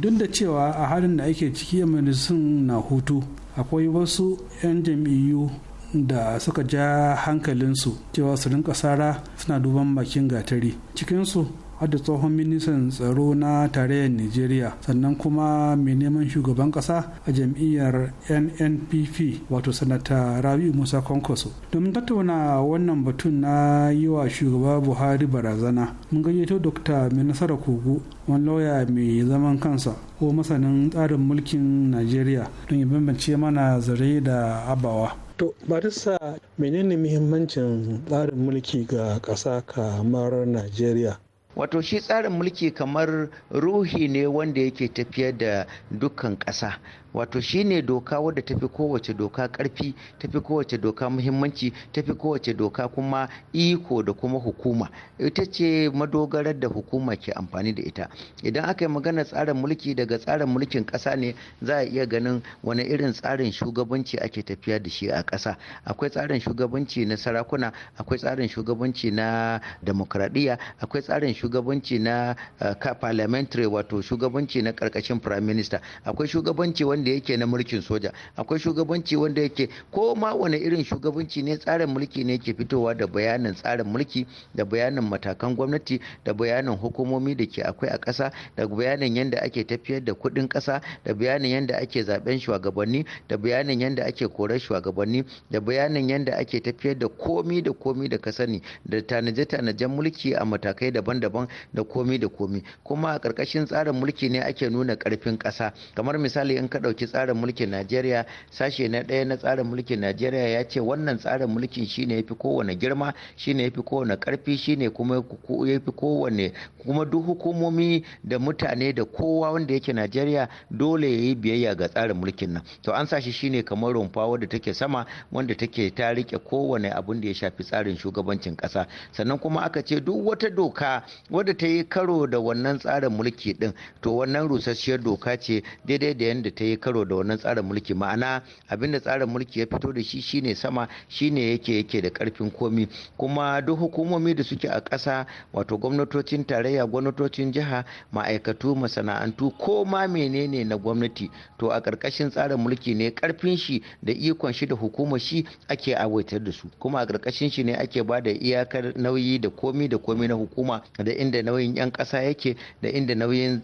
duk da cewa a halin da ake ciki majalisun na hutu akwai wasu 'yan jam'iyyu da suka ja hankalinsu cewa su rinka sara suna duban bakin gatari cikinsu hadda tsohon ministan tsaro na tarayyar nigeria sannan kuma mai neman shugaban kasa a jam'iyyar nnpp wato sanata rabi'u musa konkoso domin tattauna wannan batun na yi wa shugaba buhari barazana mun gayyato dr mai nasara kogo wani lauya mai zaman kansa ko masanin tsarin mulkin najeriya don ya bambance mana zare da abawa To barista menene muhimmancin tsarin mulki ga ƙasa kamar Najeriya? wato shi tsarin mulki kamar ruhi ne wanda yake tafiyar da dukkan ƙasa wato shine doka wadda tafi kowace doka karfi tafi kowace doka muhimmanci tafi kowace doka kuma iko da kuma hukuma ita ce madogarar da hukuma ke amfani da ita idan aka yi magana tsarin mulki daga tsarin mulkin ƙasa ne za a iya ganin wani irin tsarin shugabanci ake tafiya da shi a ƙasa akwai tsarin shugabanci na sarakuna akwai tsarin shugabanci na demokradiyya akwai tsarin shugabanci na eh, parliamentary wato shugabanci na karkashin prime minister akwai shugabanci wanda yake na mulkin soja akwai shugabanci wanda yake ko ma wani irin shugabanci ne tsarin mulki ne yake fitowa da bayanin tsarin mulki da bayanin matakan gwamnati da bayanin hukumomi da ke akwai a ƙasa da bayanin yadda ake tafiyar da kuɗin ƙasa da bayanin yadda ake zaben shugabanni da bayanin yadda ake korar shugabanni da bayanin yadda ake tafiyar da komi da komi da ka sani da tanaje-tanajen mulki a matakai daban-daban da komi da komi kuma a ƙarƙashin tsarin mulki ne ake nuna ƙarfin ƙasa kamar misali in ka ɗauki tsarin mulkin najeriya sashe na ɗaya na tsarin mulkin najeriya ya ce wannan tsarin mulkin shine ya fi kowane girma shine ya fi kowane ƙarfi shine kuma ya fi kowane kuma duk hukumomi da mutane da kowa wanda yake najeriya dole ya yi biyayya ga tsarin mulkin nan to an sashi shine kamar rumfa wadda take sama wanda take ta rike kowane abun da ya shafi tsarin shugabancin ƙasa sannan kuma aka ce duk wata doka wadda ta yi karo da wannan tsarin mulki din to wannan rusasshiyar doka ce daidai da yadda ta yi karo da wannan tsarin mulki ma'ana abinda tsarin mulki ya fito da shi shine sama shine yake yake da karfin komi kuma duk hukumomi da suke a ƙasa wato gwamnatocin tarayya gwamnatocin jiha ma'aikatu masana'antu ko ma menene na gwamnati to a ƙarƙashin tsarin mulki ne karfin shi da ikon shi da hukumar shi ake awaitar da su kuma a ƙarƙashin shi ne ake ba da iyakar nauyi da komi da komi na hukuma da inda nauyin 'yan ƙasa yake da inda nauyin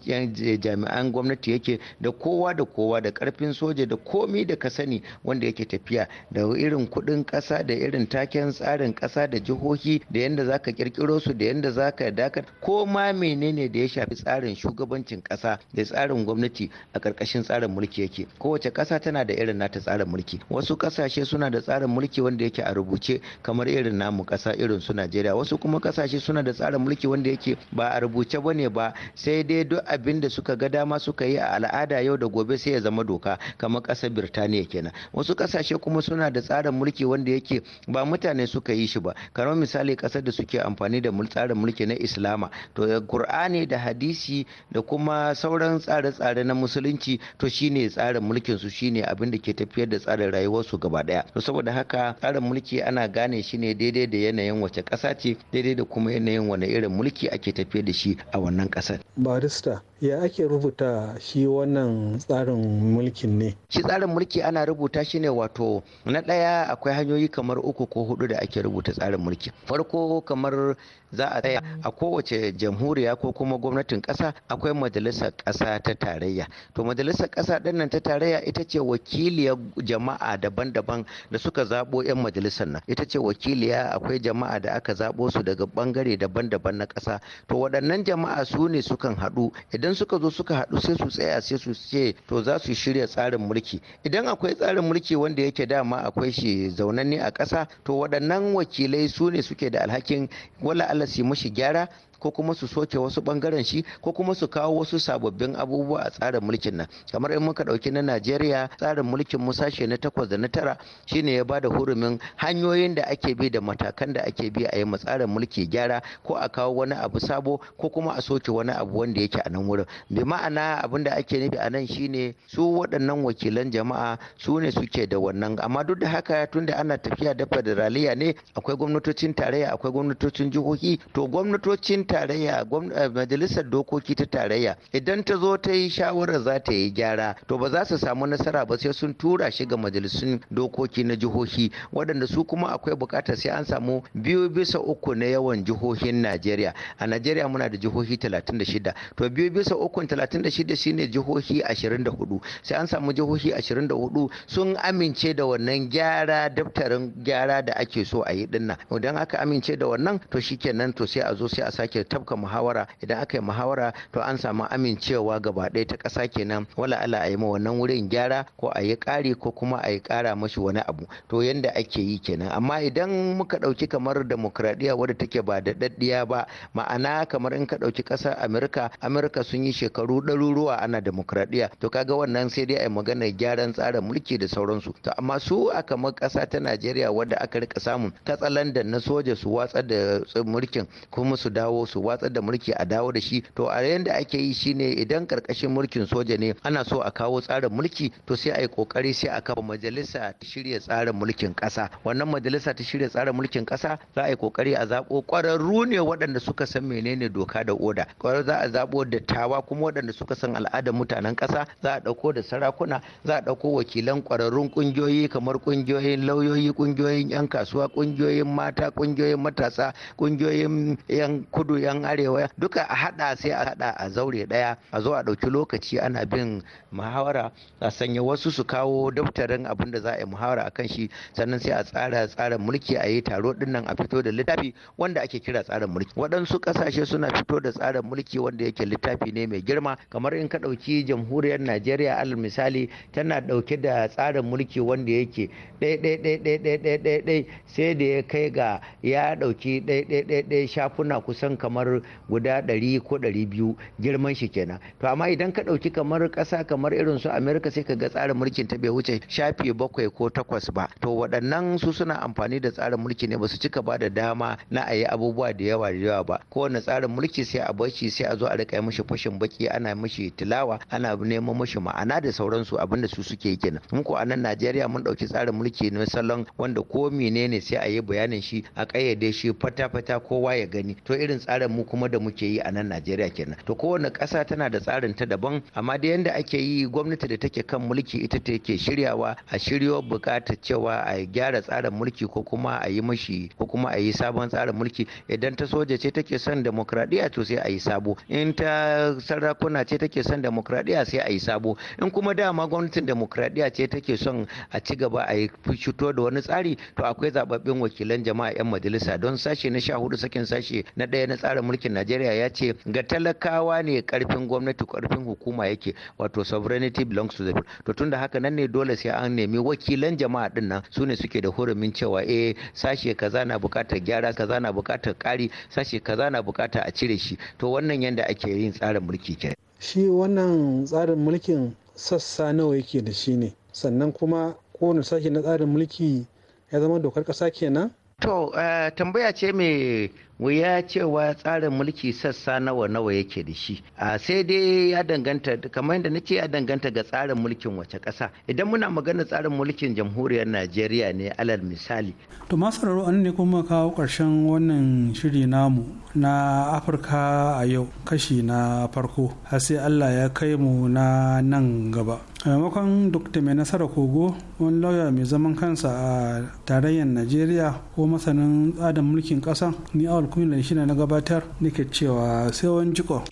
jami'an gwamnati yake da kowa da kowa da karfin soja da komi da ka sani wanda yake tafiya da irin kudin kasa da irin taken tsarin kasa da jihohi da yadda za ka kirkiro su da yadda za ka dakar ko ma menene da ya shafi tsarin shugabancin kasa da tsarin gwamnati a ƙarƙashin tsarin mulki yake kowace kasa tana da irin nata tsarin mulki wasu kasashe suna da tsarin mulki wanda yake a rubuce kamar irin namu kasa irin su Najeriya wasu kuma kasashe suna da tsarin mulki wanda yake ba a rubuce bane ba sai dai duk abin da suka ga dama suka yi a al'ada yau da gobe sai ya zama zama doka kamar ƙasar birtaniya kenan wasu ƙasashe kuma suna da tsarin mulki wanda yake ba mutane suka yi shi ba kamar misali ƙasar da suke amfani da tsarin mulki na islama to qur'ani eh, da hadisi da kuma sauran tsare-tsare na musulunci to shine tsarin mulkin su shine abin da ke tafiyar da tsarin rayuwarsu gaba daya to saboda haka tsarin mulki ana gane shi ne daidai da yanayin wace ƙasa ce daidai da kuma yanayin wani irin mulki ake tafiyar da shi a wannan ƙasar barista ya ake rubuta shi wannan tsarin mulkin ne shi tsarin mulki ana rubuta shi ne wato na ɗaya akwai hanyoyi kamar uku ko hudu da ake rubuta tsarin mulki farko kamar za a tsaya a kowace jamhuriya ko kuma gwamnatin ƙasa akwai majalisar ƙasa ta tarayya to majalisar ƙasa ɗin ta tarayya ita ce wakiliya jama'a daban-daban da suka zaɓo 'yan majalisar nan ita ce wakiliya akwai jama'a da aka zaɓo su daga ɓangare daban-daban na ƙasa to waɗannan jama'a su ne sukan haɗu idan idan suka zo suka haɗu sai su tsaya sai su ce to za su shirya tsarin mulki idan akwai tsarin mulki wanda yake dama akwai shi zaunanne a ƙasa to waɗannan wakilai su ne suke da alhakin wala Allah su mashi gyara ko kuma su soke wasu bangaren shi ko kuma su kawo wasu sababbin abubuwa a tsarin mulkin nan kamar in muka dauki na Najeriya tsarin mulkin musashe na takwas da na tara shine ya bada hurumin hanyoyin da ake bi da matakan da ake bi a yi tsarin mulki gyara ko a kawo wani abu sabo ko kuma a soke wani abu wanda yake a nan wurin bi ma'ana abin da ake nufi a nan shine su waɗannan wakilan jama'a su ne suke da wannan amma duk da haka tunda ana tafiya da federaliya ne akwai gwamnatocin tarayya akwai gwamnatocin jihohi to gwamnatocin tarayya eh, majalisar dokoki ta tarayya idan ta zo ta yi shawarar za ta yi gyara to ba za su samu nasara ba sai sun tura shi ga majalisun dokoki na jihohi waɗanda su kuma akwai buƙatar sai an samu biyu bisa uku na yawan jihohin najeriya a najeriya muna da jihohi 36 to biyu bisa uku 36 shine jihohi 24 sai an samu jihohi 24 sun amince da wannan gyara daftarin gyara da ake so a yi dinna idan aka amince da wannan to shikenan to sai a zo sai a sake ake tafka muhawara idan aka yi muhawara to an samu amincewa gaba ɗaya ta ƙasa kenan wala ala a yi ma wannan wurin gyara ko a yi ƙari ko kuma a yi ƙara mashi wani abu to yanda ake yi kenan amma idan muka ɗauki kamar demokradiyya wadda take ba da daddiya ba ma'ana kamar in ka ɗauki ƙasar amurka amurka sun yi shekaru ɗaruruwa ana demokradiyya to kaga wannan sai dai a yi maganar gyaran tsarin mulki da sauransu to amma su a kamar ƙasa ta najeriya wadda aka rika samun katsalandan na soja su watsa da mulkin kuma su dawo su watsar da mulki a dawo da shi to a yayin ake yi shine idan karkashin mulkin soja ne ana so a kawo tsarin mulki to sai a yi kokari sai a kafa majalisa ta shirya tsarin mulkin kasa wannan majalisa ta shirya tsarin mulkin kasa za a yi kokari a zabo kwararru ne waɗanda suka san menene doka da oda kwarar za a zabo dattawa kuma waɗanda suka san al'adar mutanen kasa za a ɗauko da sarakuna za a ɗauko wakilan kwararrun kungiyoyi kamar kungiyoyin lauyoyi kungiyoyin yan kasuwa kungiyoyin mata kungiyoyin matasa kungiyoyin yan kudu kudu yan arewa duka a hada sai a hada a zaure daya a zo a dauki lokaci ana bin muhawara a sanya wasu su kawo daftarin abin da za a yi muhawara a kan shi sannan sai a tsara tsarin mulki a yi taro dinnan a fito da littafi wanda ake kira tsarin mulki waɗansu ƙasashe suna fito da tsarin mulki wanda yake littafi ne mai girma kamar in ka ɗauki jamhuriyar najeriya alal misali tana ɗauke da tsarin mulki wanda yake ɗai sai da ya kai ga ya ɗauki ɗai shafuna kusan kamar guda ɗari ko ɗari biyu girman shi kenan to amma idan ka ɗauki kamar ƙasa kamar irin su amerika sai ka ga tsarin mulkin ta bai wuce shafi bakwai ko takwas ba to waɗannan su suna amfani da tsarin mulki ne ba su cika ba da dama na a yi abubuwa da yawa da yawa ba kowane tsarin mulki sai a barci sai a zo a riƙa mishi fashin baki ana mishi tilawa ana neman mishi ma'ana da sauransu abinda su suke yi kenan mun ko a nan najeriya mun ɗauki tsarin mulki ne salon wanda ko menene sai a yi bayanin shi a ƙayyade shi fata-fata kowa ya gani to irin tsarin tsarin mu kuma da muke yi a nan Najeriya kenan to kowane ƙasa tana da tsarin ta daban amma da yanda ake yi gwamnati da take kan mulki ita yake shiryawa a shiryo buƙatar cewa a gyara tsarin mulki ko kuma a yi mashi ko kuma a yi sabon tsarin mulki idan ta soja ce take son demokradiyya to sai a yi sabo in ta sarakuna ce take son demokradiyya sai a yi sabo in kuma dama gwamnatin demokradiyya ce take son a ci gaba a yi fito da wani tsari to akwai zababbin wakilan jama'a 'yan majalisa don sashe na sha hudu sakin sashe na ɗaya na tsarin mulkin Najeriya ya ce ga talakawa ne karfin gwamnati karfin hukuma yake wato sovereignty belongs to the people to tunda haka nan ne dole sai an nemi wakilan jama'a din nan su ne suke da hurumin cewa eh sashe kaza na bukatar gyara kaza na bukatar kari sashe kaza na bukatar a cire shi to wannan yanda ake yin tsarin mulki kenan shi wannan tsarin mulkin sassa nawa yake da shi ne sannan kuma kowane sashe na tsarin mulki ya zama dokar ƙasa kenan To eh, tambaya ce mai wuya cewa tsarin mulki sassa nawa nawa yake da shi a ah, sai dai ya danganta kamar yadda na ce ya danganta ga tsarin mulkin wace ƙasa idan muna magana tsarin mulkin jamhuriyar najeriya ne alal misali to masararo an ne kuma kawo ƙarshen wannan shiri namu na afirka a yau kashi na farko har sai allah ya kai mu na nan gaba a maimakon dr mai nasara kogo wani lauya mai zaman kansa a tarayyar najeriya ko masanin tsadan mulkin kasa ni awal kuyi shi na gabatar nake cewa sai wani jiko.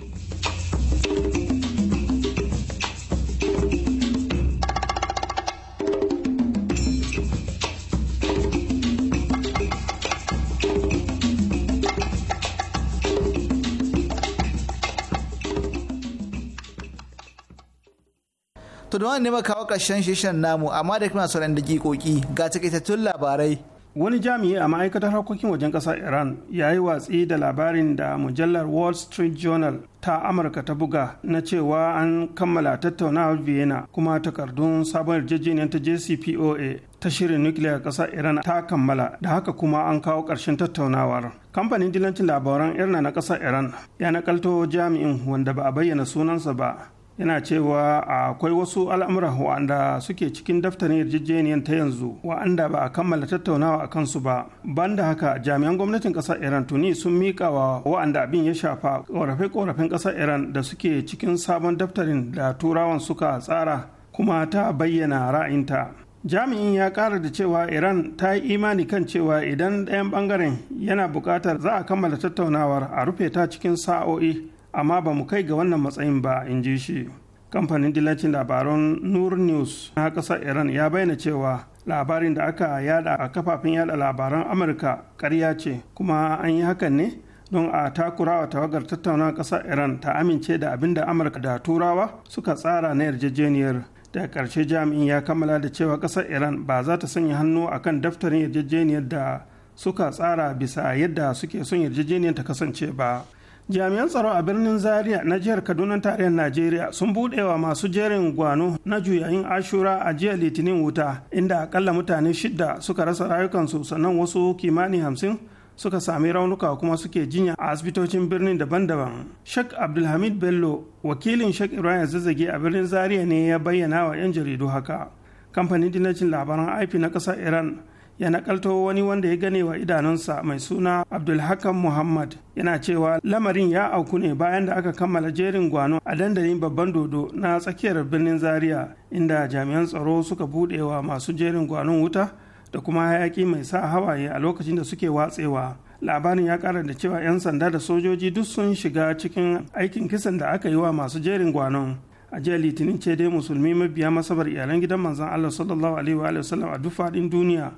to da wani ne kawo ƙarshen shirin namu amma da kuma sauran daƙiƙoƙi ga takaitattun labarai wani jami'i a ma'aikatar harkokin wajen ƙasar iran ya yi watsi da labarin da mujallar wall street journal ta amurka ta buga na cewa an kammala tattaunawar vienna kuma takardun sabon yarjejeniyar ta jcpoa ta shirin nukiliyar ƙasar iran ta kammala da haka kuma an kawo ƙarshen tattaunawar kamfanin dilancin labaran irna na ƙasar iran ya nakalto jami'in wanda ba a bayyana sunansa ba yana cewa akwai wasu al'amura wa'anda suke cikin daftarin yarjejeniyar ta yanzu wa'anda ba a kammala tattaunawa a kansu ba banda haka jami'an gwamnatin kasar iran tuni sun mika wa wa'anda abin ya shafa korafe korafen kasar iran da suke cikin sabon daftarin da turawan suka tsara kuma ta bayyana ra'ayinta jami'in ya kara da cewa iran ta yi imani kan cewa idan ɗayan bangaren yana buƙatar za a kammala tattaunawar a rufe ta cikin sa'o'i amma ba mu kai ga wannan matsayin ba in ji shi kamfanin dillacin labaran nur news na ƙasar iran ya bayyana cewa labarin da aka yada a kafafen yada labaran amurka ƙarya ce kuma an yi hakan ne don a takurawa tawagar tattaunawa ƙasar iran ta amince da abin da amurka da turawa suka tsara na yarjejeniyar da ƙarshe jami'in ya kammala da cewa ƙasar iran ba za ta sanya hannu akan daftarin yarjejeniyar da suka tsara bisa yadda suke son yarjejeniyar ta kasance ba jami'an tsaro a birnin zaria na jihar kaduna tarayyar najeriya sun buɗewa masu jerin gwano na juyayin ashura a jiya litinin wuta inda akalla mutane shidda suka rasa rayukansu sannan wasu kimanin hamsin suka sami raunuka kuma suke jinya a asibitocin birnin daban-daban shek abdulhamid bello wakilin shek ibrahim zazzage a birnin zaria ne ya bayyana wa 'yan jaridu haka kamfanin dinacin labaran ip na ƙasar iran ya nakalto wani wanda ya gane wa idanunsa mai suna abdulhakan muhammad yana cewa lamarin ya auku ne bayan da aka kammala jerin gwano a dandalin babban dodo na tsakiyar birnin zaria inda jami'an tsaro suka buɗe wa masu jerin gwanon wuta da kuma hayaki mai sa hawaye a lokacin da suke watsewa labarin ya kara da cewa 'yan sanda da sojoji duk sun shiga cikin aikin kisan da aka yi wa masu jerin gwanon a jiya litinin ce dai musulmi mabiya masabar iyalan gidan manzon Allah sallallahu alaihi wa sallam a duk faɗin duniya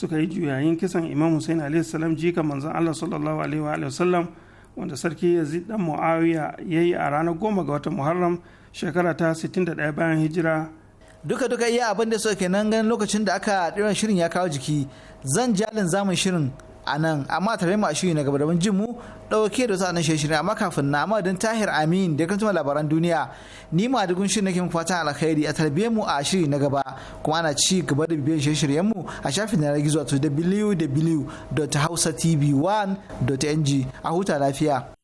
suka yi juyayin kisan imam hussein alaihi jika manzon allah sallallahu alaihi wa sallam wanda sarki yazid dan muawiya ya yi a ranar goma ga watan muharram shekara ta 61 bayan hijira duka duka iya abin da suka kenan ganin lokacin da aka ɗiran shirin ya kawo jiki zan jalin zamun shirin a nan amma tare ma shi na gaba da jin mu dauke da sa'anin shirin amma kafin na amma dan tahir amin da kan labaran duniya ni ma dugun shirin nake fata alkhairi a tarbiyyar mu a shiri na gaba kuma ana ci gaba da bibiyar shirye-shiryen mu a shafin yanar gizo wato www.hausatv1.ng a huta lafiya